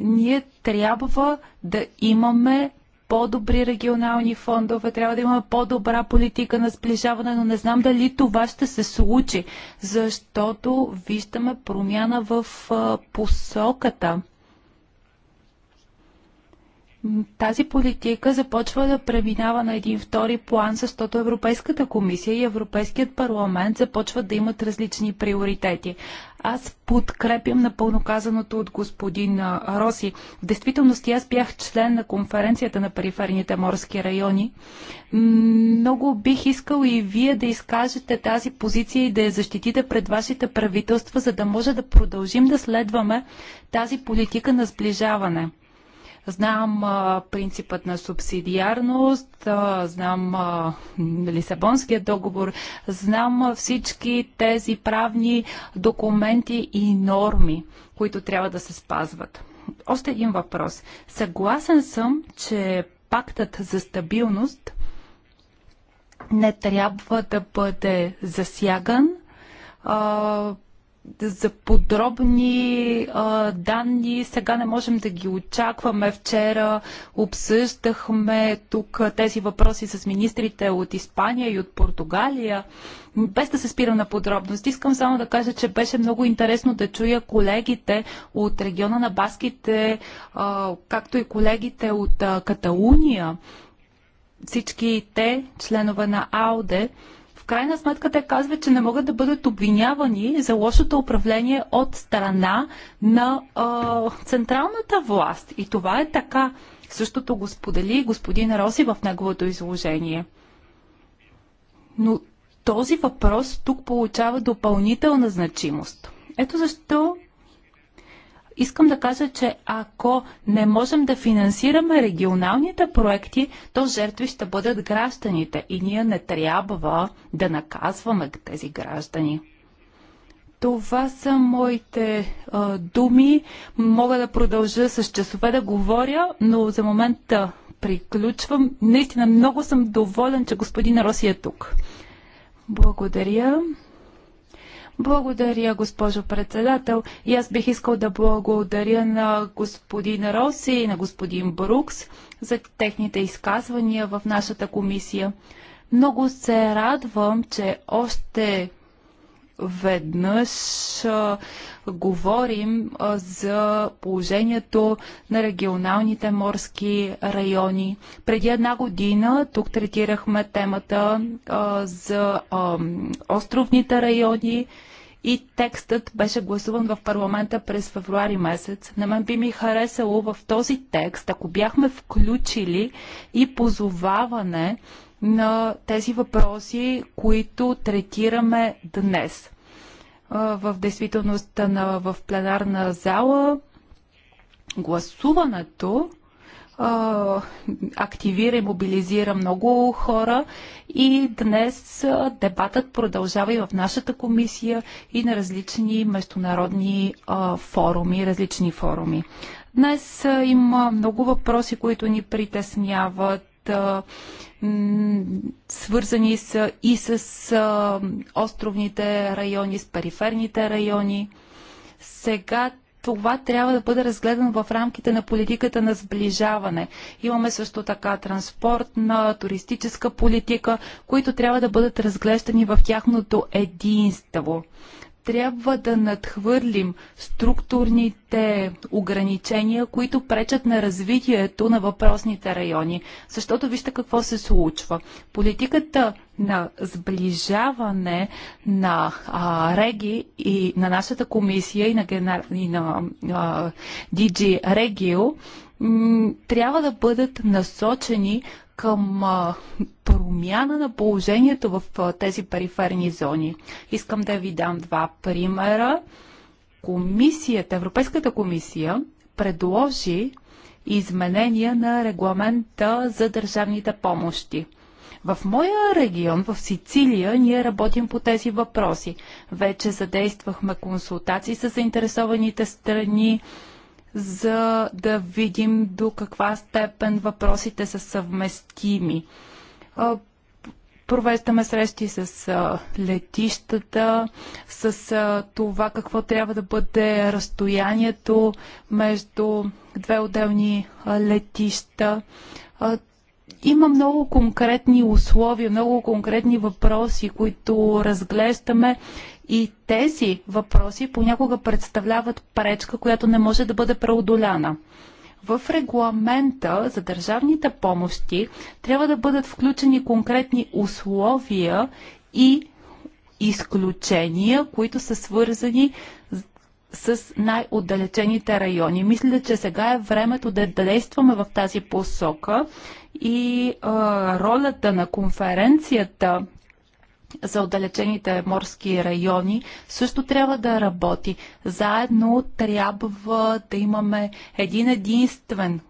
ние трябва да имаме по-добри регионални фондове, трябва да имаме по-добра политика на сближаване, но не знам дали това ще се случи, защото виждаме промяна в посоката тази политика започва да преминава на един втори план, защото Европейската комисия и Европейският парламент започват да имат различни приоритети. Аз подкрепям напълно казаното от господин Роси. В действителност аз бях член на конференцията на периферните морски райони. Много бих искал и вие да изкажете тази позиция и да я защитите пред вашите правителства, за да може да продължим да следваме тази политика на сближаване. Знам а, принципът на субсидиарност, а, знам а, Лисабонския договор, знам всички тези правни документи и норми, които трябва да се спазват. Още един въпрос. Съгласен съм, че пактът за стабилност не трябва да бъде засяган а, за подробни а, данни. Сега не можем да ги очакваме. Вчера обсъждахме тук тези въпроси с министрите от Испания и от Португалия. Без да се спирам на подробности, искам само да кажа, че беше много интересно да чуя колегите от региона на Баските, а, както и колегите от а, Каталуния. Всички те, членове на АУДЕ, в крайна сметка те казват, че не могат да бъдат обвинявани за лошото управление от страна на а, централната власт. И това е така. Същото го сподели господин Роси в неговото изложение. Но този въпрос тук получава допълнителна значимост. Ето защо Искам да кажа, че ако не можем да финансираме регионалните проекти, то жертви ще бъдат гражданите и ние не трябва да наказваме тези граждани. Това са моите а, думи. Мога да продължа с часове да говоря, но за момента приключвам. Наистина много съм доволен, че господин Роси е тук. Благодаря. Благодаря, госпожо председател. И аз бих искал да благодаря на господин Роси и на господин Брукс за техните изказвания в нашата комисия. Много се радвам, че още веднъж а, говорим а, за положението на регионалните морски райони. Преди една година тук третирахме темата а, за а, островните райони и текстът беше гласуван в парламента през февруари месец. На мен би ми харесало в този текст, ако бяхме включили и позоваване на тези въпроси, които третираме днес. В действителност на, в пленарна зала гласуването активира и мобилизира много хора и днес дебатът продължава и в нашата комисия и на различни международни форуми, различни форуми. Днес има много въпроси, които ни притесняват свързани са и с островните райони, с периферните райони. Сега това трябва да бъде разгледано в рамките на политиката на сближаване. Имаме също така транспортна, туристическа политика, които трябва да бъдат разглеждани в тяхното единство трябва да надхвърлим структурните ограничения, които пречат на развитието на въпросните райони. Защото вижте какво се случва. Политиката на сближаване на а, Реги и на нашата комисия и на, генер... и на а, DG Регио трябва да бъдат насочени към промяна на положението в тези периферни зони. Искам да ви дам два примера. Комисията, Европейската комисия предложи изменения на регламента за държавните помощи. В моя регион, в Сицилия, ние работим по тези въпроси. Вече задействахме консултации с заинтересованите страни, за да видим до каква степен въпросите са съвместими. Провеждаме срещи с летищата, с това какво трябва да бъде разстоянието между две отделни летища има много конкретни условия, много конкретни въпроси, които разглеждаме и тези въпроси понякога представляват пречка, която не може да бъде преодоляна. В регламента за държавните помощи трябва да бъдат включени конкретни условия и изключения, които са свързани с най-отдалечените райони. Мисля, че сега е времето да действаме в тази посока и а, ролята на конференцията за отдалечените морски райони също трябва да работи. Заедно трябва да имаме един единствен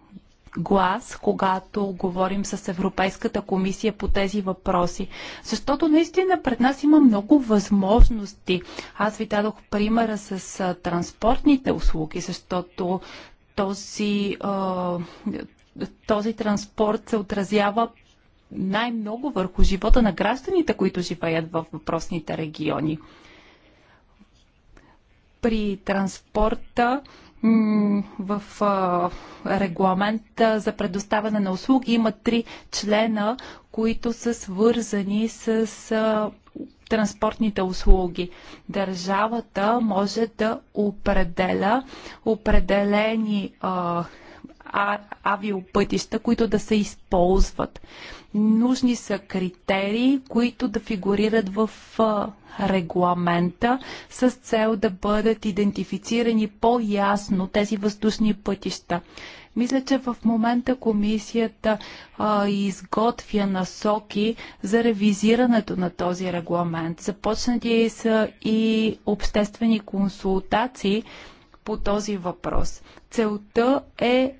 глас, когато говорим с Европейската комисия по тези въпроси. Защото наистина пред нас има много възможности. Аз ви дадох примера с транспортните услуги, защото този, този транспорт се отразява най-много върху живота на гражданите, които живеят в въпросните региони. При транспорта в регламента за предоставяне на услуги има три члена, които са свързани с транспортните услуги. Държавата може да определя определени а, авиопътища, които да се използват. Нужни са критерии, които да фигурират в регламента с цел да бъдат идентифицирани по-ясно тези въздушни пътища. Мисля, че в момента комисията а, изготвя насоки за ревизирането на този регламент. Започнати са и обществени консултации по този въпрос. Целта е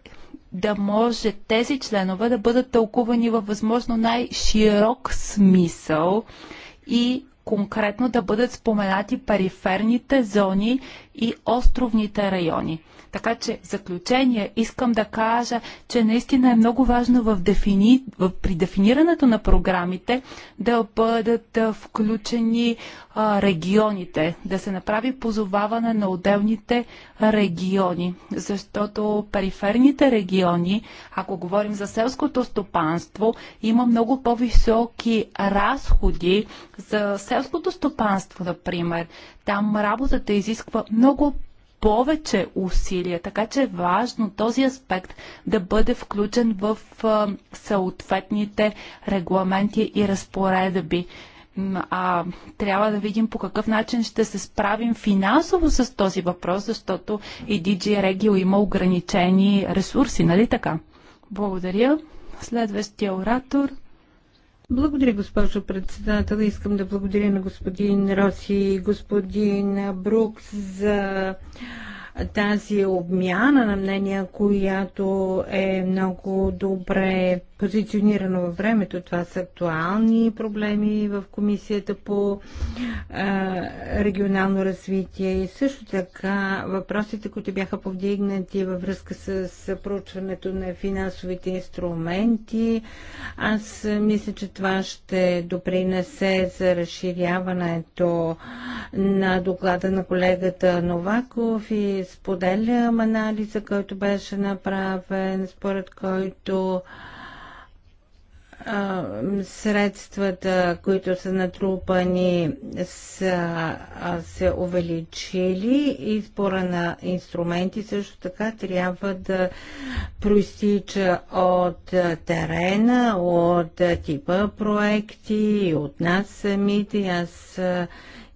да може тези членове да бъдат тълкувани във възможно най-широк смисъл и конкретно да бъдат споменати периферните зони и островните райони. Така че в заключение искам да кажа, че наистина е много важно в дефини... в... при дефинирането на програмите да бъдат включени а, регионите, да се направи позоваване на отделните региони, защото периферните региони, ако говорим за селското стопанство, има много по-високи разходи за селското стопанство, например. Там работата изисква много повече усилия, така че е важно този аспект да бъде включен в съответните регламенти и разпоредби. А, трябва да видим по какъв начин ще се справим финансово с този въпрос, защото и DG Regio има ограничени ресурси, нали така? Благодаря. Следващия оратор – благодаря, госпожо председател. Искам да благодаря на господин Роси и господин Брукс за тази обмяна на мнения, която е много добре позиционирано във времето. Това са актуални проблеми в Комисията по а, регионално развитие и също така въпросите, които бяха повдигнати във връзка с, с проучването на финансовите инструменти. Аз мисля, че това ще допринесе за разширяването на доклада на колегата Новаков и споделям анализа, който беше направен, според който средствата, които са натрупани, са се увеличили. Избора на инструменти също така трябва да проистича от терена, от типа проекти, от нас самите. Аз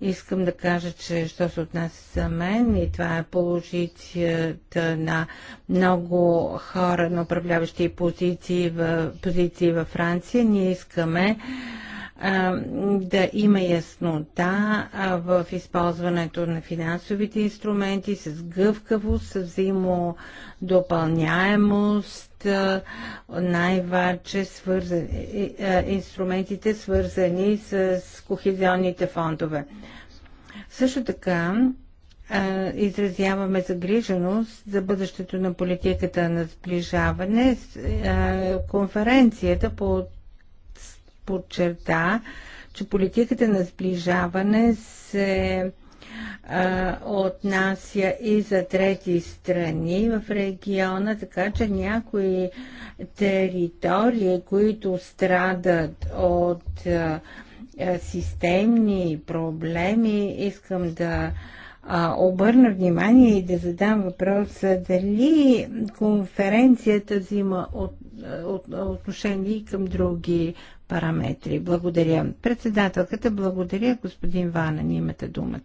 Искам да кажа, че що се отнася за мен и това е позицията на много хора на управляващи позиции, в, позиции във Франция, ние искаме да има яснота в използването на финансовите инструменти с гъвкавост, с взаимодопълняемост, най ваче свързан, инструментите свързани с кохезионните фондове. Също така, изразяваме загриженост за бъдещето на политиката на сближаване. Конференцията по подчерта, че политиката на сближаване се а, отнася и за трети страни в региона, така че някои територии, които страдат от а, системни проблеми, искам да а, обърна внимание и да задам въпроса дали конференцията взима от отношение и към други параметри. Благодаря. Председателката, благодаря. Господин Ванен, имате думата.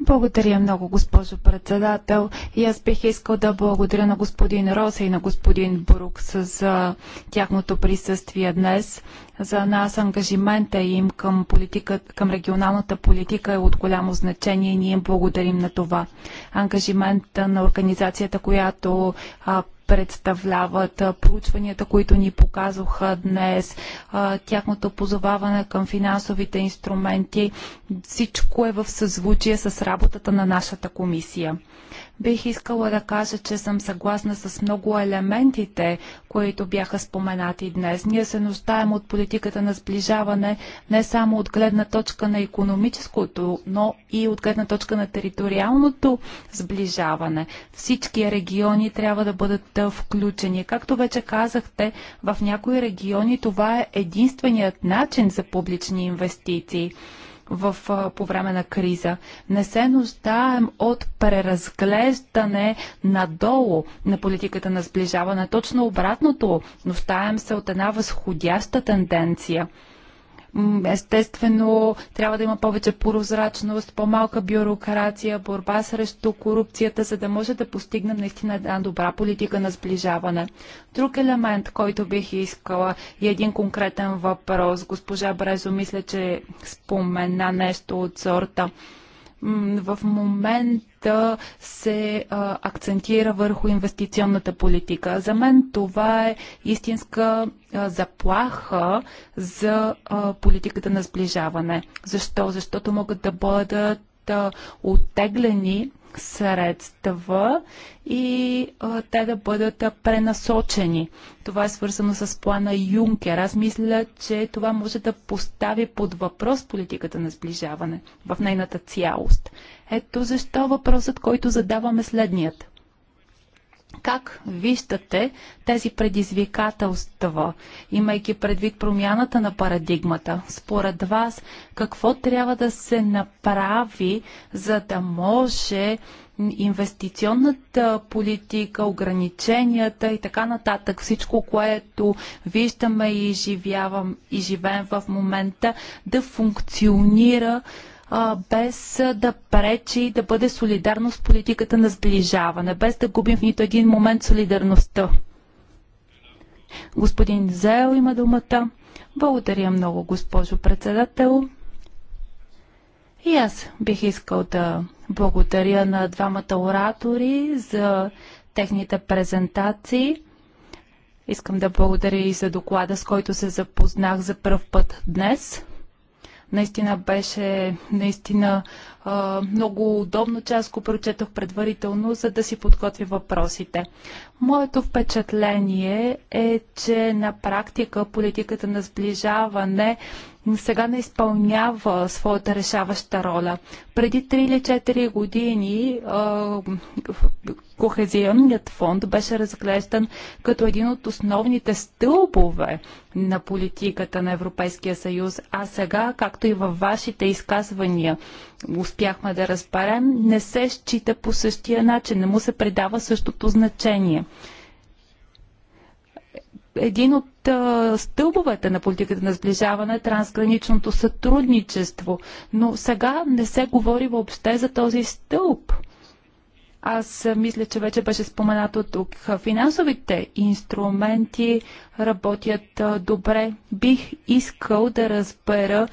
Благодаря много, госпожо председател. И аз бих искал да благодаря на господин Роса и на господин Брукс за тяхното присъствие днес. За нас ангажимента им към, политика, към регионалната политика е от голямо значение и ние им благодарим на това. Ангажимента на организацията, която а, представляват, проучванията, които ни показваха днес, тяхното позоваване към финансовите инструменти. Всичко е в съзвучие с работата на нашата комисия. Бих искала да кажа, че съм съгласна с много елементите, които бяха споменати днес. Ние се нуждаем от политиката на сближаване не само от гледна точка на економическото, но и от гледна точка на териториалното сближаване. Всички региони трябва да бъдат бъдат включени. Както вече казахте, в някои региони това е единственият начин за публични инвестиции в, по време на криза. Не се нуждаем от преразглеждане надолу на политиката на сближаване. Точно обратното, нуждаем се от една възходяща тенденция – Естествено, трябва да има повече прозрачност, по-малка бюрокрация, борба срещу корупцията, за да може да постигнем наистина една добра политика на сближаване. Друг елемент, който бих искала и е един конкретен въпрос. Госпожа Брезо мисля, че спомена нещо от сорта – в момента се а, акцентира върху инвестиционната политика. За мен това е истинска а, заплаха за а, политиката на сближаване. Защо? Защото могат да бъдат оттеглени средства и те да бъдат пренасочени. Това е свързано с плана Юнкер. Аз мисля, че това може да постави под въпрос политиката на сближаване в нейната цялост. Ето защо въпросът, който задаваме следният. Как виждате тези предизвикателства, имайки предвид промяната на парадигмата? Според вас, какво трябва да се направи, за да може инвестиционната политика, ограниченията и така нататък, всичко, което виждаме и, живявам, и живеем в момента, да функционира без да пречи да бъде солидарно с политиката на сближаване, без да губим в нито един момент солидарността. Господин Зел има думата. Благодаря много, госпожо председател. И аз бих искал да благодаря на двамата оратори за техните презентации. Искам да благодаря и за доклада, с който се запознах за първ път днес. Наистина беше наистина а, много удобно, че аз го прочетох предварително, за да си подготви въпросите. Моето впечатление е, че на практика политиката на сближаване но сега не изпълнява своята решаваща роля. Преди 3 или 4 години Кохезионният фонд беше разглеждан като един от основните стълбове на политиката на Европейския съюз, а сега, както и във вашите изказвания успяхме да разберем, не се счита по същия начин, не му се придава същото значение един от а, стълбовете на политиката на сближаване е трансграничното сътрудничество. Но сега не се говори въобще за този стълб. Аз мисля, че вече беше споменато тук. Финансовите инструменти работят добре. Бих искал да разбера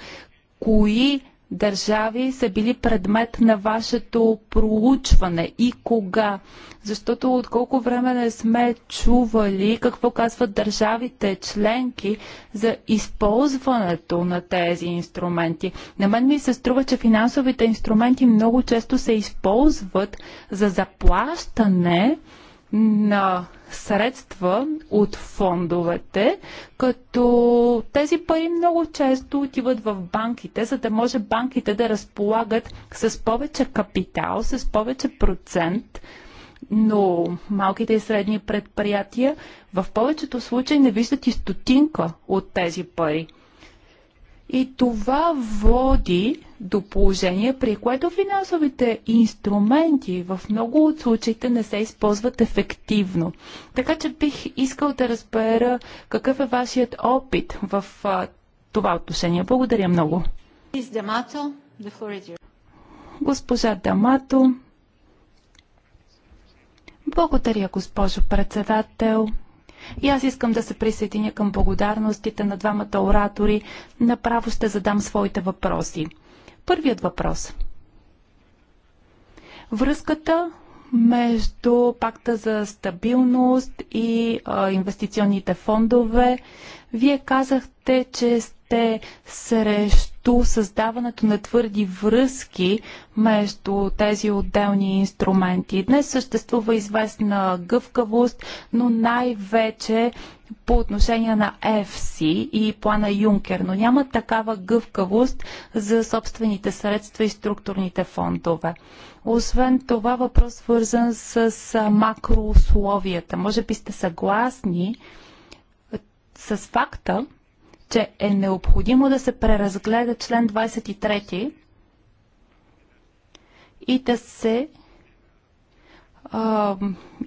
кои държави са били предмет на вашето проучване и кога? Защото от колко време не сме чували какво казват държавите членки за използването на тези инструменти. На мен ми се струва, че финансовите инструменти много често се използват за заплащане на средства от фондовете, като тези пари много често отиват в банките, за да може банките да разполагат с повече капитал, с повече процент, но малките и средни предприятия в повечето случаи не виждат и стотинка от тези пари. И това води до положение, при което финансовите инструменти в много от случаите не се използват ефективно. Така че бих искал да разбера какъв е вашият опит в а, това отношение. Благодаря много. Госпожа Дамато. Благодаря, госпожо председател. И аз искам да се присъединя към благодарностите на двамата оратори. Направо ще задам своите въпроси. Първият въпрос. Връзката между пакта за стабилност и а, инвестиционните фондове. Вие казахте, че сте срещу до създаването на твърди връзки между тези отделни инструменти. Днес съществува известна гъвкавост, но най-вече по отношение на FC и плана Юнкер, но няма такава гъвкавост за собствените средства и структурните фондове. Освен това, въпрос свързан с макроусловията. Може би сте съгласни с факта, че е необходимо да се преразгледа член 23 и да се а,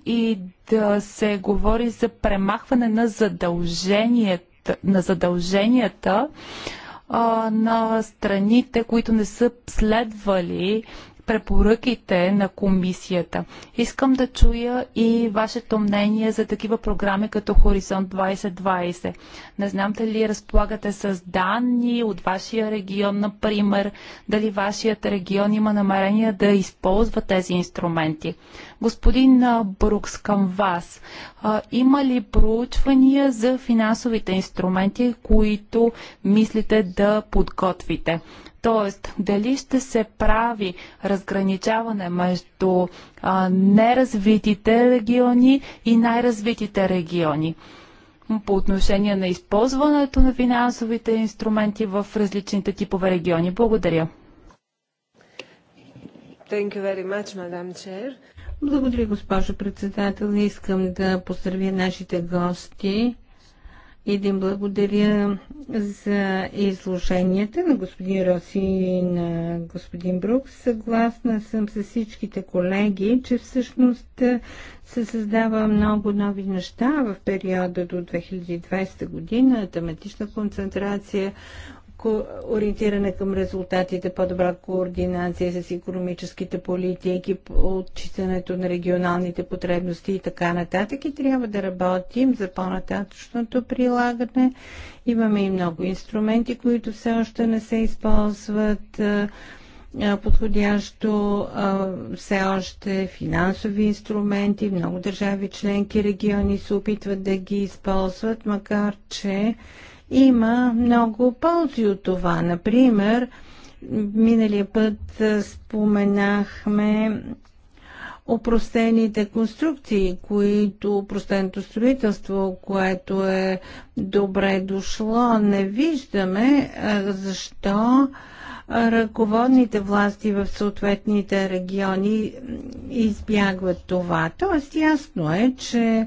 и да се говори за премахване на задълженията, на задълженията на страните, които не са следвали препоръките на комисията. Искам да чуя и вашето мнение за такива програми като Хоризонт 2020. Не знам дали разполагате с данни от вашия регион, например, дали вашият регион има намерение да използва тези инструменти. Господин Брукс, към вас. Има ли проучвания за финансовите инструменти, които мислите да подготвите? Тоест, дали ще се прави разграничаване между а, неразвитите региони и най-развитите региони? по отношение на използването на финансовите инструменти в различните типове региони. Благодаря. Much, Благодаря, госпожо председател. Искам да поздравя нашите гости и да им благодаря за изложенията на господин Роси и на господин Брук. Съгласна съм с всичките колеги, че всъщност е, се създава много нови неща в периода до 2020 година. Тематична концентрация, ориентиране към резултатите, по-добра координация с економическите политики, отчитането на регионалните потребности и така нататък. И трябва да работим за по-нататъчното прилагане. Имаме и много инструменти, които все още не се използват подходящо все още финансови инструменти. Много държави, членки, региони се опитват да ги използват, макар че има много ползи от това. Например, миналия път споменахме опростените конструкции, които опростеното строителство, което е добре дошло, не виждаме защо ръководните власти в съответните региони избягват това. Тоест ясно е, че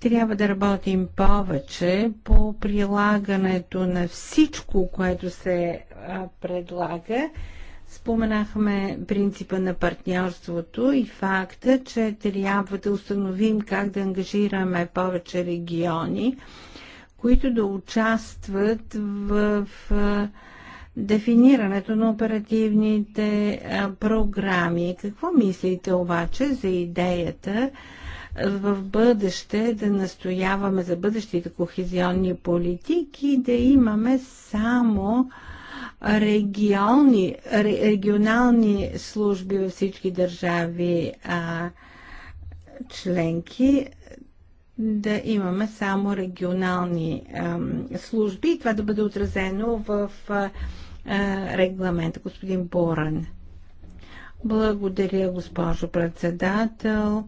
трябва да работим повече по прилагането на всичко, което се предлага. Споменахме принципа на партньорството и факта, че трябва да установим как да ангажираме повече региони, които да участват в, в дефинирането на оперативните а, програми. Какво мислите обаче за идеята в бъдеще да настояваме за бъдещите кохезионни политики, да имаме само регионални, регионални служби във всички държави а, членки, да имаме само регионални а, служби и това да бъде отразено в а, регламента. Господин Боран. Благодаря, госпожо председател.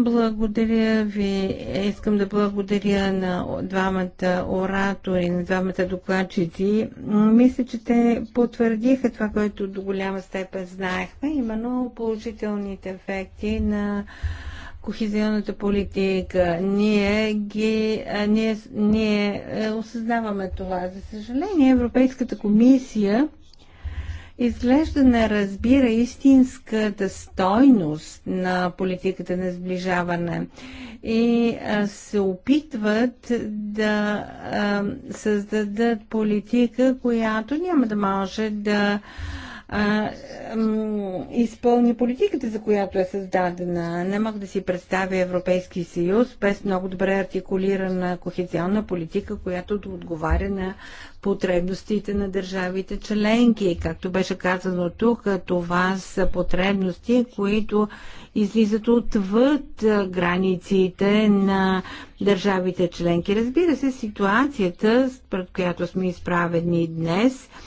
Благодаря ви. Искам да благодаря на двамата оратори, на двамата докладчици. Мисля, че те потвърдиха това, което до голяма степен знаехме, именно положителните ефекти на кохезионната политика. Ние, ги, ние, ние е, осъзнаваме това. За съжаление, Европейската комисия изглежда не разбира истинската стойност на политиката на сближаване и се опитват да създадат политика, която няма да може да а, изпълни политиката, за която е създадена. Не мога да си представя Европейски съюз без много добре артикулирана кохезионна политика, която да отговаря на потребностите на държавите членки. Както беше казано тук, това са потребности, които излизат отвъд границите на държавите членки. Разбира се, ситуацията, пред която сме изправени днес –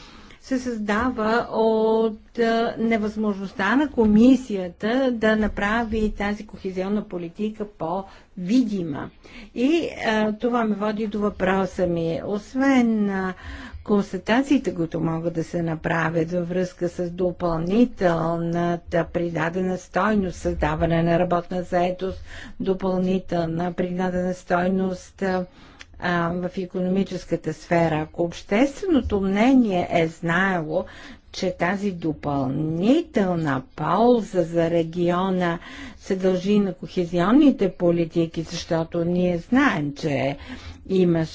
се създава от невъзможността на комисията да направи тази кохезионна политика по-видима. И а, това ме води до въпроса ми. Освен а, констатациите, които могат да се направят във връзка с допълнителната придадена стойност, създаване на работна заетост, допълнителна придадена стойност, а, а, в економическата сфера. Ако общественото мнение е знаело, че тази допълнителна полза за региона се дължи на кохезионните политики, защото ние знаем, че имаш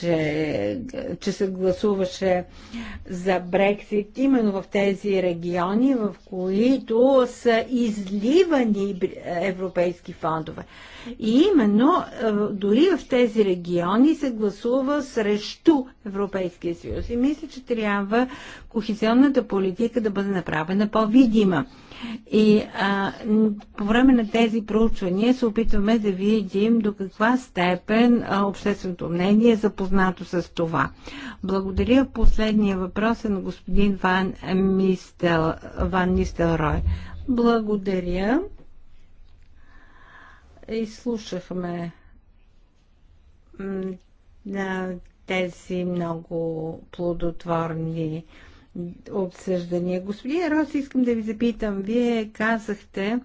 че, че се гласуваше за Брексит именно в тези региони, в които са изливани европейски фондове. И именно е, дори в тези региони се гласува срещу Европейския съюз. И мисля, че трябва кохезионната политика да бъде направена по-видима. И а, по време на тези проучвания се опитваме да видим до каква степен а, общественото мнение е запознато с това. Благодаря. Последния въпрос е на господин Ван, Мистел, Ван Нистелрой. Благодаря. Изслушахме на тези много плодотворни обсъждания. Господин Рос, искам да ви запитам. Вие казахте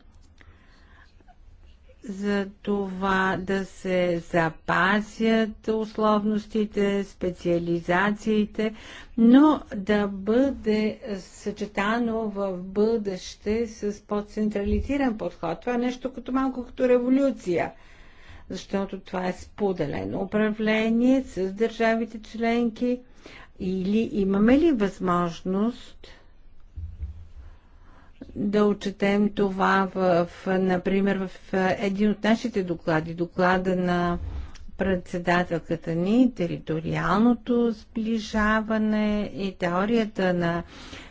за това да се запазят условностите, специализациите, но да бъде съчетано в бъдеще с по-централизиран подход. Това е нещо като малко като революция защото това е споделено управление с държавите членки или имаме ли възможност да отчетем това, в, например, в един от нашите доклади, доклада на председателката ни, териториалното сближаване и теорията на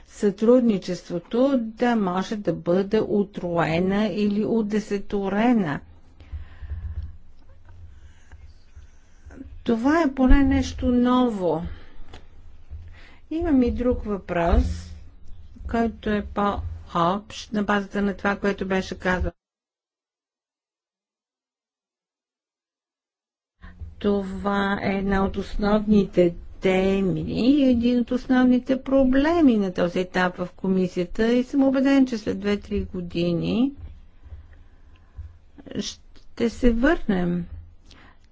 сътрудничеството да може да бъде отроена или удесеторена. Това е поне нещо ново. Имам и друг въпрос, който е по-общ на базата на това, което беше казано. Това е една от основните теми и един от основните проблеми на този етап в комисията и съм убеден, че след 2-3 години ще се върнем,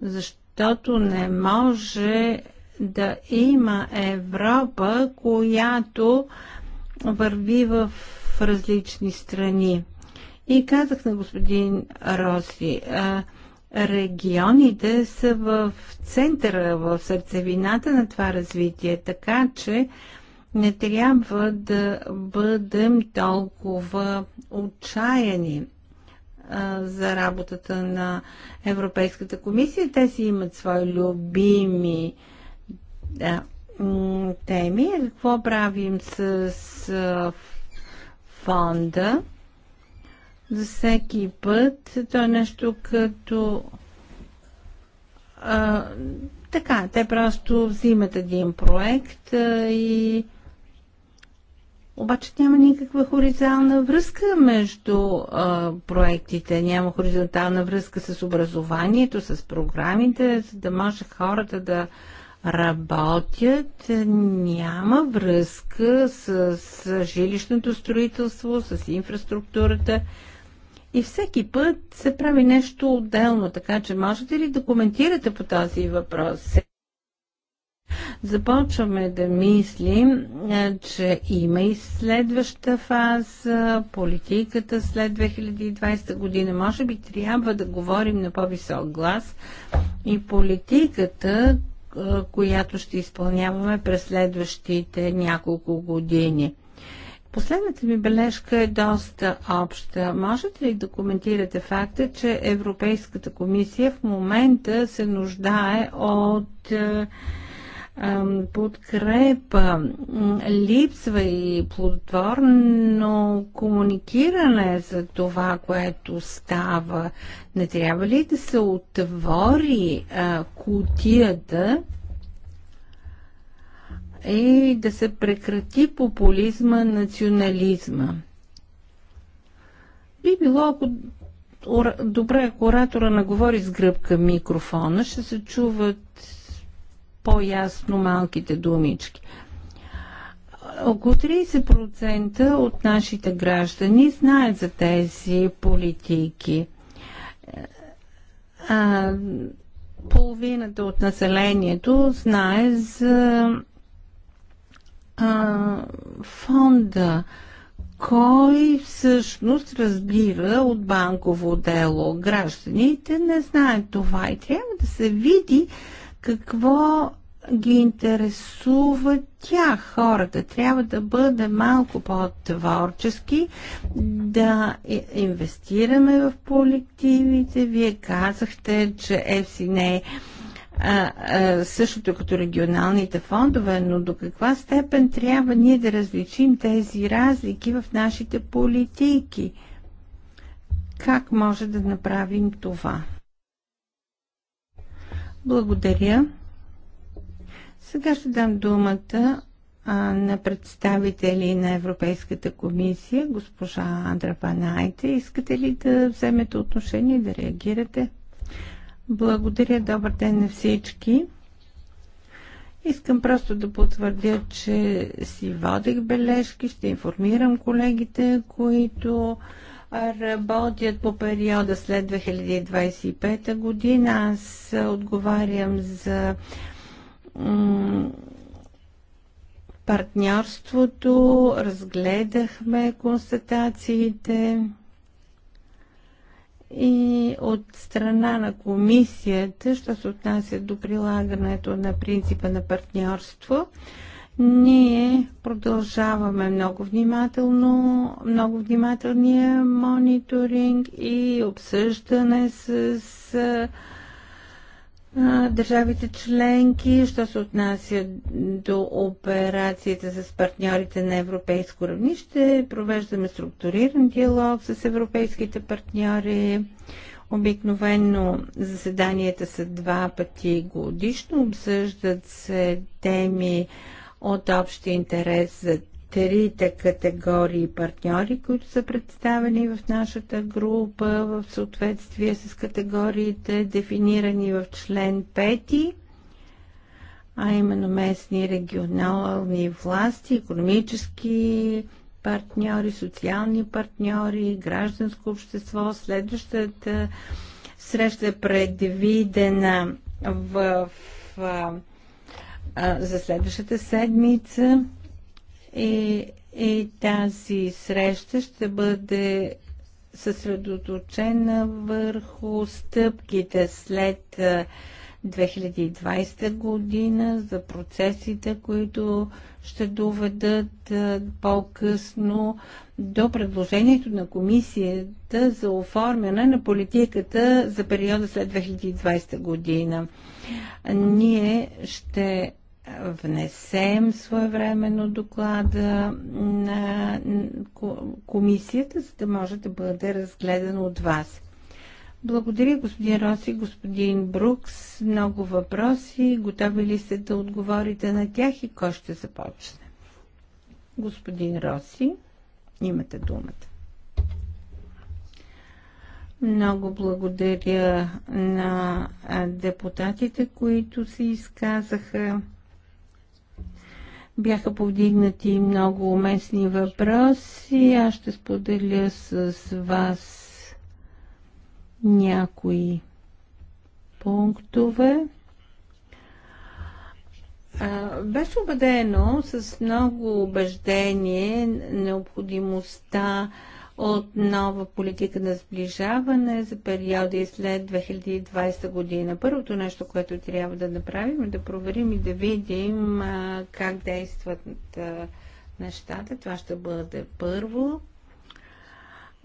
защото не може да има Европа, която върви в различни страни. И казах на господин Роси, регионите са в центъра, в сърцевината на това развитие, така че не трябва да бъдем толкова отчаяни за работата на Европейската комисия. Те си имат свои любими да, теми. Какво правим с, с фонда? За всеки път то е нещо като а, така, те просто взимат един проект а, и обаче няма никаква хоризонтална връзка между а, проектите, няма хоризонтална връзка с образованието, с програмите, за да може хората да работят, няма връзка с, с жилищното строителство, с инфраструктурата. И всеки път се прави нещо отделно, така че можете ли да коментирате по този въпрос? Започваме да мислим, е, че има и следваща фаза, политиката след 2020 година. Може би трябва да говорим на по-висок глас и политиката която ще изпълняваме през следващите няколко години. Последната ми бележка е доста обща. Можете ли да коментирате факта, че Европейската комисия в момента се нуждае от подкрепа, липсва и плодотворно комуникиране за това, което става. Не трябва ли да се отвори а, кутията и да се прекрати популизма, национализма? Би било, ако добре, ако оратора наговори с гръбка микрофона, ще се чуват по-ясно малките думички. Около 30% от нашите граждани знаят за тези политики. А, половината от населението знае за а, фонда, кой всъщност разбира от банково дело. Гражданите не знаят това и трябва да се види какво ги интересува тя хората. Трябва да бъде малко по-творчески, да инвестираме в колективите. Вие казахте, че ЕФСИ не е а, а, същото като регионалните фондове, но до каква степен трябва ние да различим тези разлики в нашите политики? Как може да направим това? Благодаря. Сега ще дам думата на представители на Европейската комисия, госпожа Андра Панайте. Искате ли да вземете отношение и да реагирате? Благодаря. Добър ден на всички. Искам просто да потвърдя, че си водех бележки, ще информирам колегите, които работят по периода след 2025 година. Аз отговарям за партньорството, разгледахме констатациите и от страна на комисията, що се отнася до прилагането на принципа на партньорство, ние продължаваме много внимателно, много внимателния мониторинг и обсъждане с, а, държавите членки, що се отнася до операцията с партньорите на европейско равнище. Провеждаме структуриран диалог с европейските партньори. Обикновено заседанията са два пъти годишно, обсъждат се теми от общ интерес за трите категории партньори, които са представени в нашата група в съответствие с категориите, дефинирани в член 5 а именно местни регионални власти, економически партньори, социални партньори, гражданско общество. Следващата среща е предвидена в, в за следващата седмица и, е, и е тази среща ще бъде съсредоточена върху стъпките след 2020 година за процесите, които ще доведат по-късно до предложението на комисията за оформяне на политиката за периода след 2020 година. Ние ще внесем своевременно доклада на комисията, за да може да бъде разгледан от вас. Благодаря, господин Роси, господин Брукс. Много въпроси. Готови ли сте да отговорите на тях и кой ще започне? Господин Роси, имате думата. Много благодаря на депутатите, които се изказаха. Бяха повдигнати много уместни въпроси. Аз ще споделя с вас някои пунктове. Беше убедено с много убеждение необходимостта от нова политика на сближаване за периода и след 2020 година. Първото нещо, което трябва да направим е да проверим и да видим а, как действат а, нещата. Това ще бъде първо.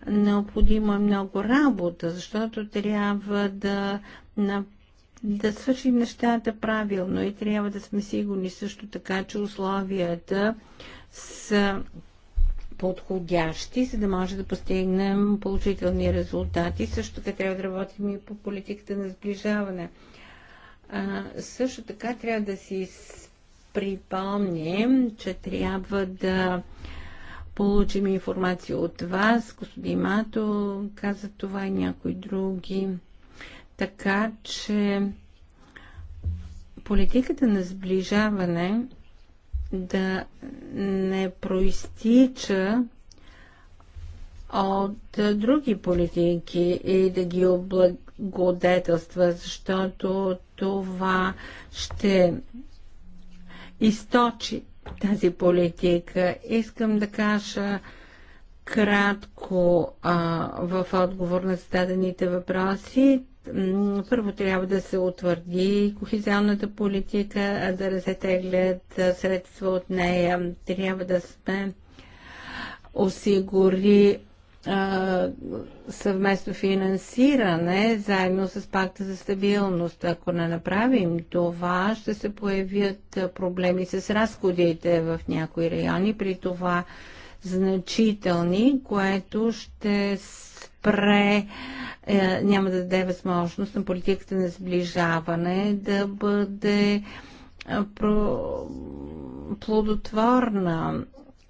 Необходимо е много работа, защото трябва да на да свършим нещата правилно и трябва да сме сигурни също така, че условията са подходящи, за да може да постигнем положителни резултати. Също така трябва да работим и по политиката на сближаване. А, също така трябва да си припомним, че трябва да получим информация от вас. Господин Мато каза това и някои други. Така че политиката на сближаване да не проистича от други политики и да ги облагодетелства, защото това ще източи тази политика. Искам да кажа кратко а, в отговор на зададените въпроси, първо трябва да се утвърди кохизионната политика, да разтеглят средства от нея. Трябва да сме осигури съвместно финансиране заедно с пакта за стабилност. Ако не направим това, ще се появят проблеми с разходите в някои райони, при това значителни, което ще спре, е, няма да даде възможност на политиката на сближаване да бъде е, плодотворна.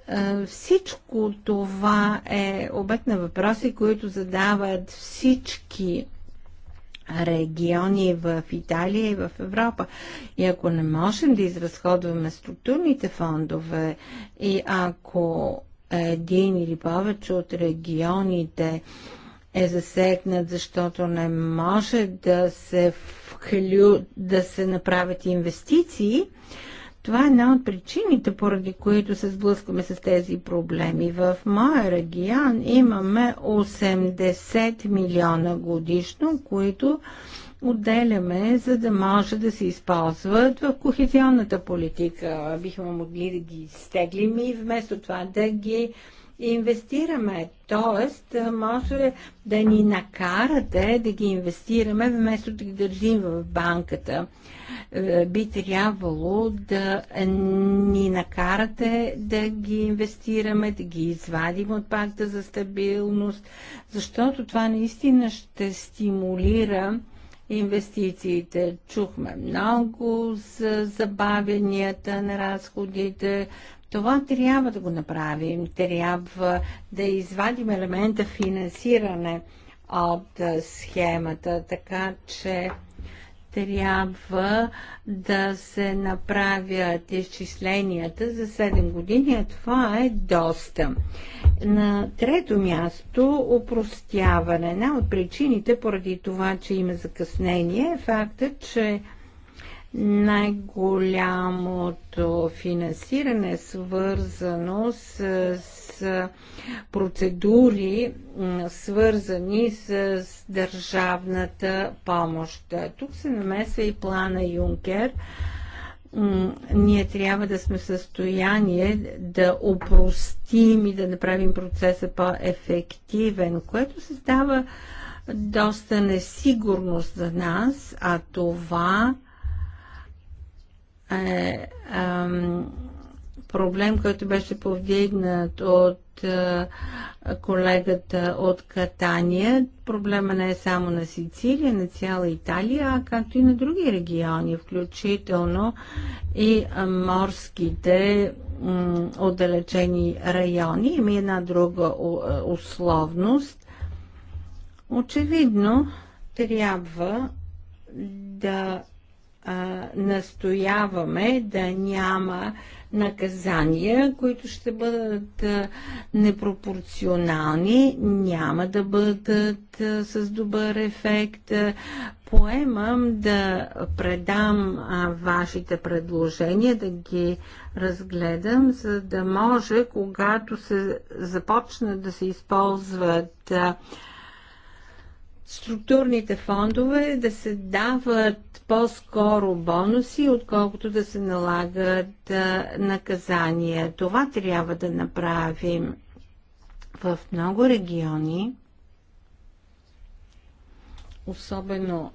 Е, всичко това е обект на въпроси, които задават всички региони в Италия и в Европа. И ако не можем да изразходваме структурните фондове и ако един или повече от регионите е засегнат, защото не може да се, вхлю, да се направят инвестиции, това е една от причините, поради които се сблъскваме с тези проблеми. В моя регион имаме 80 милиона годишно, които отделяме, за да може да се използват в кохезионната политика. Бихме могли да ги стеглим и вместо това да ги инвестираме. Тоест, може да ни накарате да ги инвестираме, вместо да ги държим в банката. Е, би трябвало да ни накарате да ги инвестираме, да ги извадим от пакта за стабилност, защото това наистина ще стимулира инвестициите. Чухме много за забавянията на разходите, това трябва да го направим. Трябва да извадим елемента финансиране от схемата, така че трябва да се направят изчисленията за 7 години, а това е доста. На трето място упростяване. Една от причините, поради това, че има закъснение, е факта, че най-голямото финансиране е свързано с, с процедури, свързани с държавната помощ. Тук се намесва и плана Юнкер ние трябва да сме в състояние да опростим и да направим процеса по-ефективен, което създава доста несигурност за нас, а това е проблем, който беше повдигнат от е, колегата от Катания. Проблема не е само на Сицилия, на цяла Италия, а както и на други региони, включително и морските отдалечени райони. Има една друга е, условност. Очевидно трябва да а, настояваме да няма наказания, които ще бъдат непропорционални, няма да бъдат с добър ефект. Поемам да предам вашите предложения, да ги разгледам, за да може, когато се започнат да се използват структурните фондове да се дават по-скоро бонуси, отколкото да се налагат наказания. Това трябва да направим в много региони, особено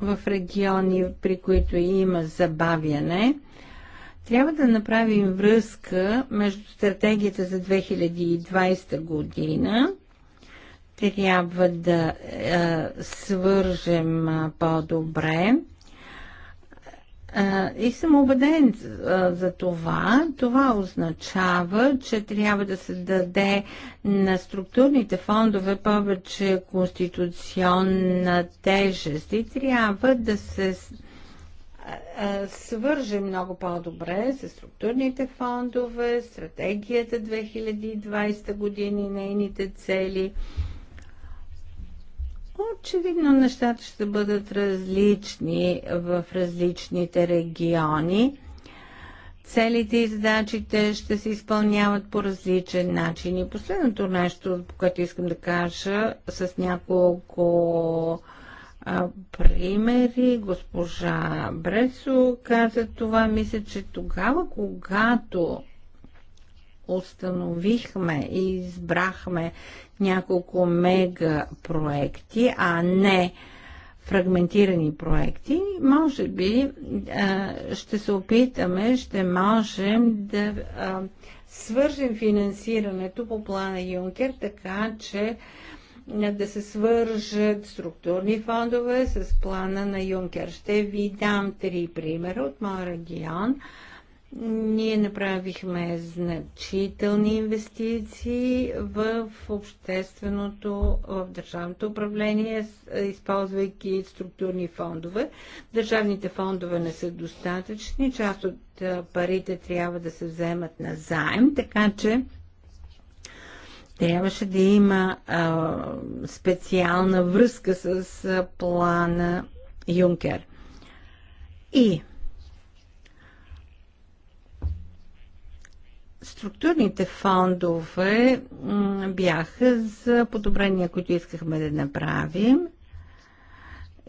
в региони, при които има забавяне, трябва да направим връзка между стратегията за 2020 година трябва да е, а, свържем по-добре. Е, и съм убеден е, за това. Това означава, че трябва да се даде на структурните фондове повече конституционна тежест и трябва да се свърже много по-добре с структурните фондове, стратегията 2020 години, нейните цели Очевидно нещата ще бъдат различни в различните региони. Целите и задачите ще се изпълняват по различен начин. И последното нещо, което искам да кажа с няколко а, примери, госпожа Бресо каза това, мисля, че тогава, когато установихме и избрахме няколко мега проекти, а не фрагментирани проекти, може би ще се опитаме, ще можем да свържем финансирането по плана Юнкер, така че да се свържат структурни фондове с плана на Юнкер. Ще ви дам три примера от моя регион. Ние направихме значителни инвестиции в общественото, в държавното управление, е, използвайки структурни фондове. Държавните фондове не са достатъчни, част от е, парите трябва да се вземат на заем, така че трябваше да има а, специална връзка с плана Юнкер. И структурните фондове бяха за подобрения, които искахме да направим.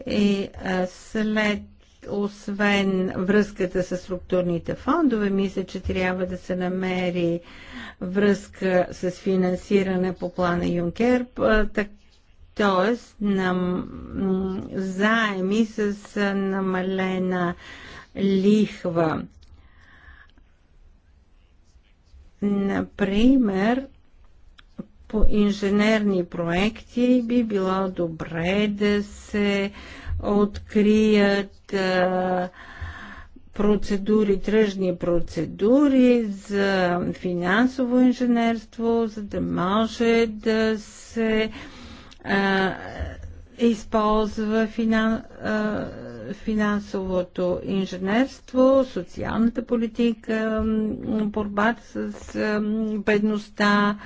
И след, освен връзката с структурните фондове, мисля, че трябва да се намери връзка с финансиране по плана Юнкер, т.е. заеми с намалена лихва Например, по инженерни проекти би било добре да се открият а, процедури, тръжни процедури за финансово инженерство, за да може да се а, използва финансово финансовото инженерство, социалната политика, борбата с бедността,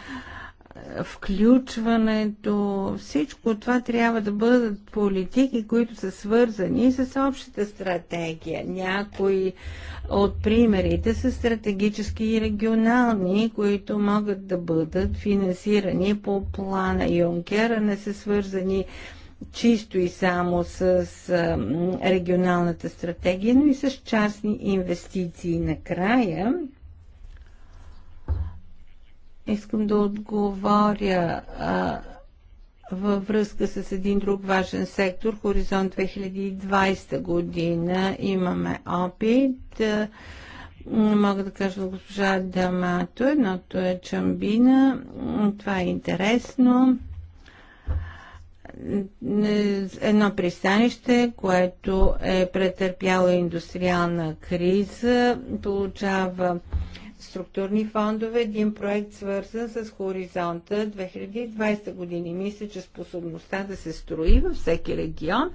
включването, всичко това трябва да бъдат политики, които са свързани с общата стратегия. Някои от примерите са стратегически и регионални, които могат да бъдат финансирани по плана Юнкера, не са свързани чисто и само с регионалната стратегия, но и с частни инвестиции. Накрая искам да отговоря а, във връзка с един друг важен сектор, Хоризонт 2020 година. Имаме опит. А, мога да кажа госпожа Дамато. Едното е Чамбина. Това е интересно едно пристанище, което е претърпяло индустриална криза, получава структурни фондове, един проект свързан с хоризонта 2020 години. Мисля, че способността да се строи във всеки регион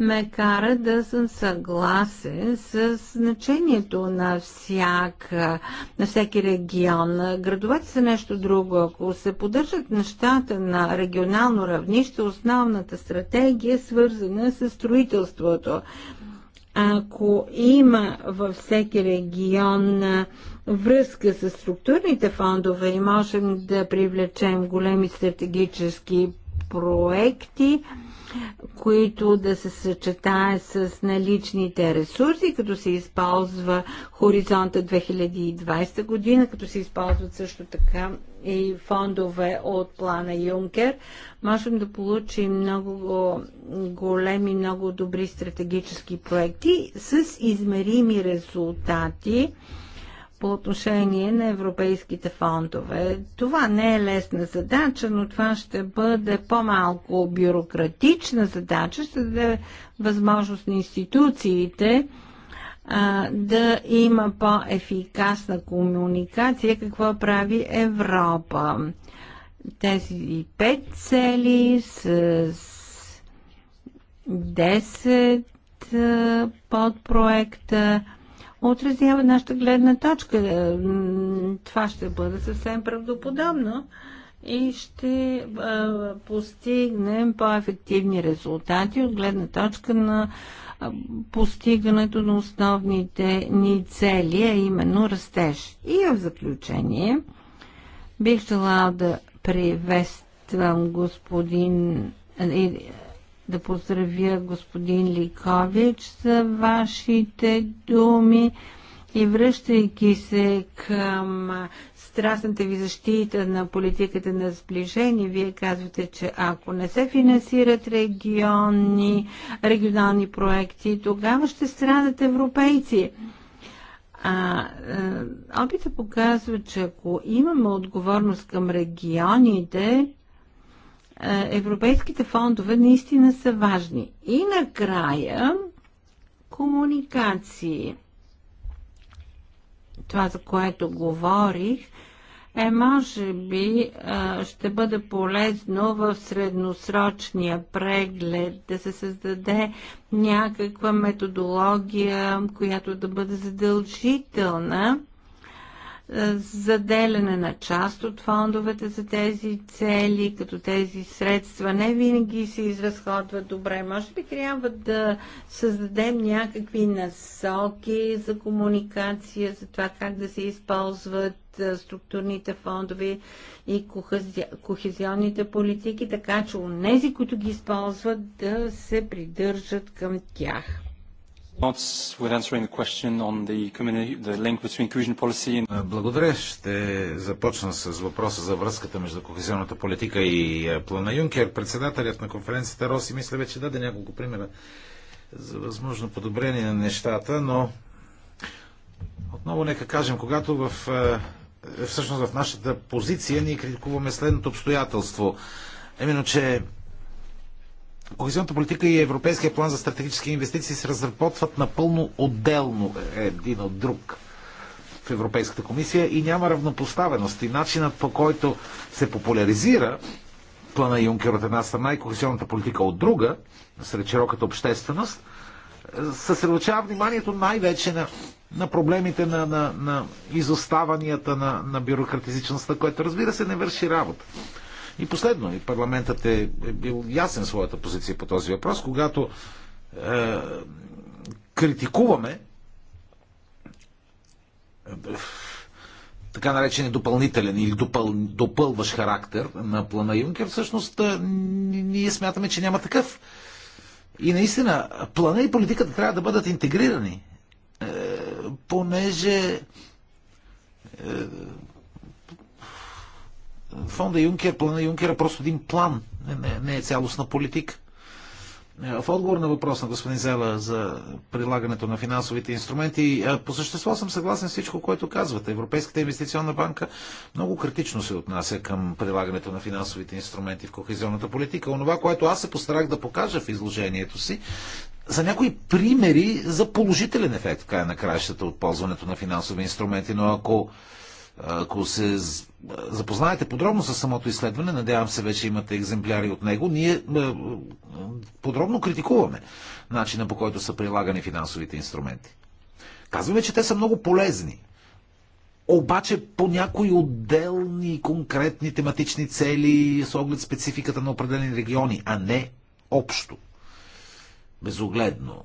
ме кара да съм съгласен с значението на, всяка, на всеки регион. Градовете са нещо друго. Ако се поддържат нещата на регионално равнище, основната стратегия е свързана с строителството ако има във всеки регион връзка с структурните фондове и можем да привлечем големи стратегически проекти, които да се съчетае с наличните ресурси, като се използва хоризонта 2020 година, като се използват също така и фондове от плана Юнкер, можем да получим много големи, много добри стратегически проекти с измерими резултати по отношение на европейските фондове. Това не е лесна задача, но това ще бъде по-малко бюрократична задача, ще даде възможност на институциите а, да има по-ефикасна комуникация, какво прави Европа. Тези пет цели с 10 подпроекта отразява нашата гледна точка. Е, това ще бъде съвсем правдоподобно и ще е, постигнем по-ефективни резултати от гледна точка на е, постигането на основните ни цели, а именно растеж. И в заключение бих желала да приветствам господин да поздравя господин Ликович за вашите думи и връщайки се към страстната ви защита на политиката на сближение, вие казвате, че ако не се финансират региони, регионални проекти, тогава ще страдат европейци. А, е, опита показва, че ако имаме отговорност към регионите, е, европейските фондове наистина са важни. И накрая комуникации. Това, за което говорих, е, може би е, ще бъде полезно в средносрочния преглед да се създаде някаква методология, която да бъде задължителна е, заделяне на част от фондовете за тези цели, като тези средства не винаги се изразходват добре. Може би трябва да създадем някакви насоки за комуникация, за това как да се използват е, структурните фондове и кохезионните политики, така че у нези, които ги използват, да се придържат към тях. Е, благодаря. Ще започна с въпроса за връзката между кохезионната политика и е, плана Юнкер. Председателят на конференцията Роси мисля вече даде няколко примера за възможно подобрение на нещата, но отново нека кажем, когато в, е, всъщност в нашата позиция ние критикуваме следното обстоятелство, именно, че Кохезионната политика и Европейския план за стратегически инвестиции се разработват напълно отделно е, един от друг в Европейската комисия и няма равнопоставеност. И начинът по който се популяризира плана Юнкер от една страна и кохезионната политика от друга, сред широката общественост, е, съсредоточава вниманието най-вече на, на проблемите на, на, на изоставанията, на, на бюрократизичността, което разбира се не върши работа. И последно, и парламентът е, е бил ясен в своята позиция по този въпрос, когато е, критикуваме така наречен допълнителен или допъл, допълваш характер на плана Юнкер, всъщност е, ние смятаме, че няма такъв. И наистина, плана и политиката трябва да бъдат интегрирани, е, понеже е, фонда Юнкер, плана Юнкер е просто един план, не, не е цялостна политика. Е, в отговор на въпрос на господин Зела за прилагането на финансовите инструменти, е, по същество съм съгласен с всичко, което казвате. Европейската инвестиционна банка много критично се отнася към прилагането на финансовите инструменти в кохезионната политика. Онова, което аз се постарах да покажа в изложението си, за някои примери за положителен ефект, в края на краищата от ползването на финансови инструменти. Но ако ако се запознаете подробно с самото изследване, надявам се вече имате екземпляри от него, ние е, е, подробно критикуваме начина по който са прилагани финансовите инструменти. Казваме, че те са много полезни. Обаче по някои отделни конкретни тематични цели с оглед спецификата на определени региони, а не общо. Безогледно.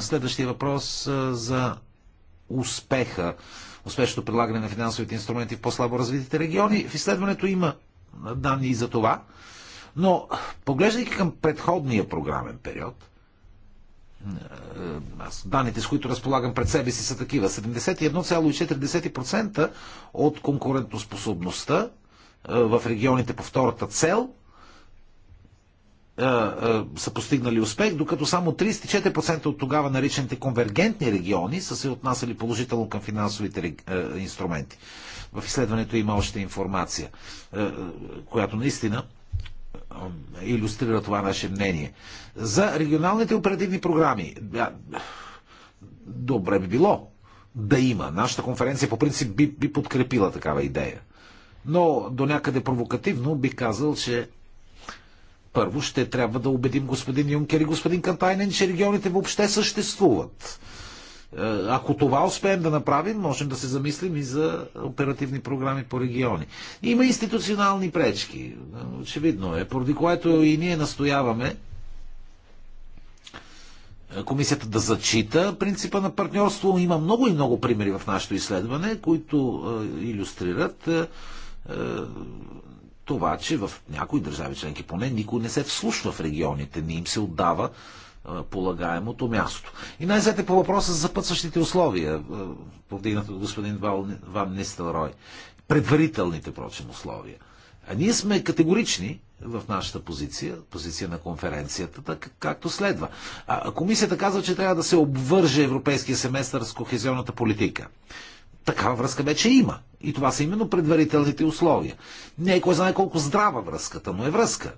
Следващия въпрос за успеха успешното прилагане на финансовите инструменти в по-слабо развитите региони. В изследването има данни и за това, но поглеждайки към предходния програмен период, е, аз, данните, с които разполагам пред себе си, са такива. 71,4% от конкурентоспособността е, в регионите по втората цел са постигнали успех, докато само 34% от тогава наричаните конвергентни региони са се отнасяли положително към финансовите инструменти. В изследването има още информация, която наистина иллюстрира това наше мнение. За регионалните оперативни програми. Добре би било да има. Нашата конференция по принцип би, би подкрепила такава идея. Но до някъде провокативно би казал, че първо ще трябва да убедим господин Юнкер и господин Кантайнен, че регионите въобще съществуват. Е, ако това успеем да направим, можем да се замислим и за оперативни програми по региони. Има институционални пречки, е, очевидно е, поради което и ние настояваме е, комисията да зачита принципа на партньорство. Има много и много примери в нашето изследване, които иллюстрират това, че в някои държави членки поне никой не се вслушва в регионите, не им се отдава полагаемото място. И най-сетне по въпроса за запътващите условия, повдигнат от господин Ван Нистелрой. Предварителните, прочим, условия. А ние сме категорични в нашата позиция, позиция на конференцията, так, както следва. А, комисията казва, че трябва да се обвърже европейския семестър с кохезионната политика. Такава връзка вече има. И това са именно предварителните условия. Не е кой знае колко здрава връзката, но е връзка.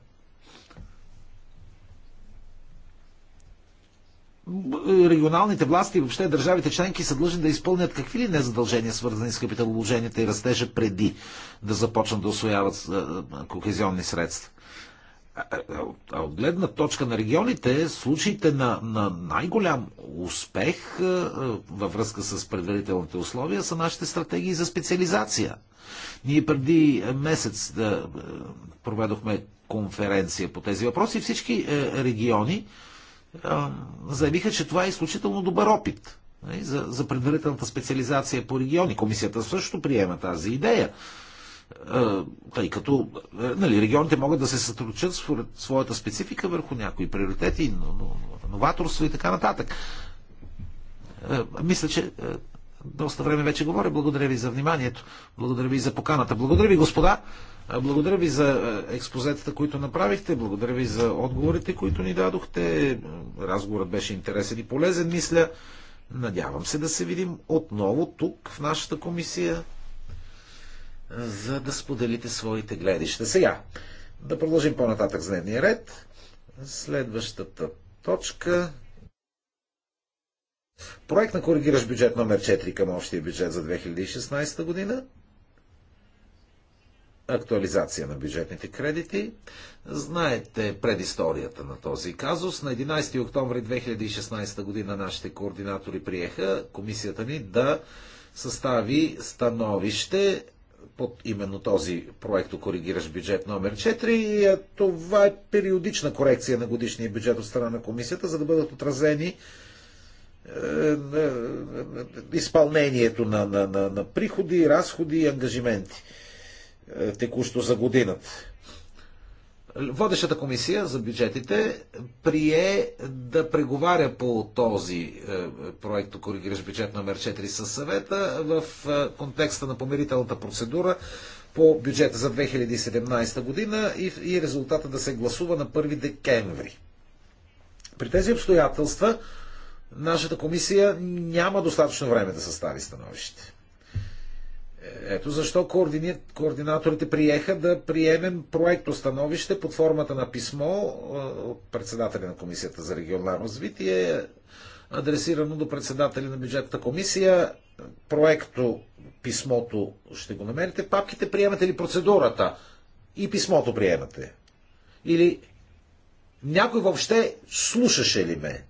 регионалните власти и въобще държавите членки са длъжни да изпълнят какви ли не задължения, свързани с капиталовложенията и растежа преди да започнат да освояват кохезионни средства а от гледна точка на регионите, случаите на, на най-голям успех във връзка с предварителните условия са нашите стратегии за специализация. Ние преди месец да проведохме конференция по тези въпроси и всички региони заявиха, че това е изключително добър опит нали, за предварителната специализация по региони. Комисията също приема тази идея. Е, тъй като е, нали, регионите могат да се сътрудничат според своята специфика върху някои приоритети, новаторство и така нататък. Е, мисля, че доста време вече говоря. Благодаря ви за вниманието. Благодаря ви за поканата. Благодаря ви, господа. Благодаря ви за експозетата, които направихте. Благодаря ви за отговорите, които ни дадохте. Разговорът беше интересен и полезен, мисля. Надявам се да се видим отново тук в нашата комисия за да споделите своите гледища. Сега, да продължим по-нататък с дневния ред. Следващата точка. Проект на коригираш бюджет номер 4 към общия бюджет за 2016 година. Актуализация на бюджетните кредити. Знаете предисторията на този казус. На 11 октомври 2016 година нашите координатори приеха комисията ни да състави становище под именно този проект коригираш бюджет номер 4. и е, Това е периодична корекция на годишния бюджет от страна на комисията, за да бъдат отразени е, изпълнението на, на, на, на приходи, разходи и ангажименти е, текущо за годината. Водещата комисия за бюджетите прие да преговаря по този е, проект, коригираш бюджет номер 4 със съвета в е, контекста на помирителната процедура по бюджета за 2017 година и резултата да се гласува на 1 декември. При тези обстоятелства нашата комисия няма достатъчно време да състави становище. Ето защо координаторите приеха да приемем проекто становище под формата на писмо от председателя на Комисията за регионално развитие, адресирано до председателя на бюджетната комисия. Проекто писмото ще го намерите папките. Приемате ли процедурата? И писмото приемате. Или някой въобще слушаше ли ме?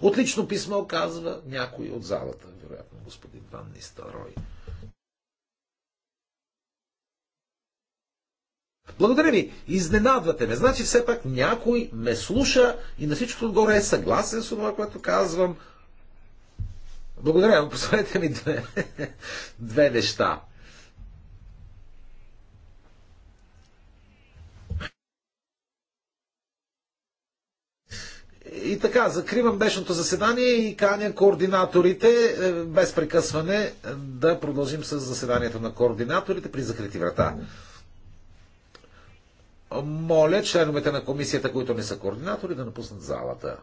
Отлично писмо казва някой от залата, вероятно господин Ван Нистарой. Благодаря ви, изненадвате ме. Значи все пак някой ме слуша и на всичко отгоре е съгласен с това, което казвам. Благодаря, но посвете ми две, (laughs) две неща. И така, закривам днешното заседание и каня координаторите е, без прекъсване да продължим с заседанието на координаторите при закрити врата. Моля членовете на комисията, които не са координатори, да напуснат залата.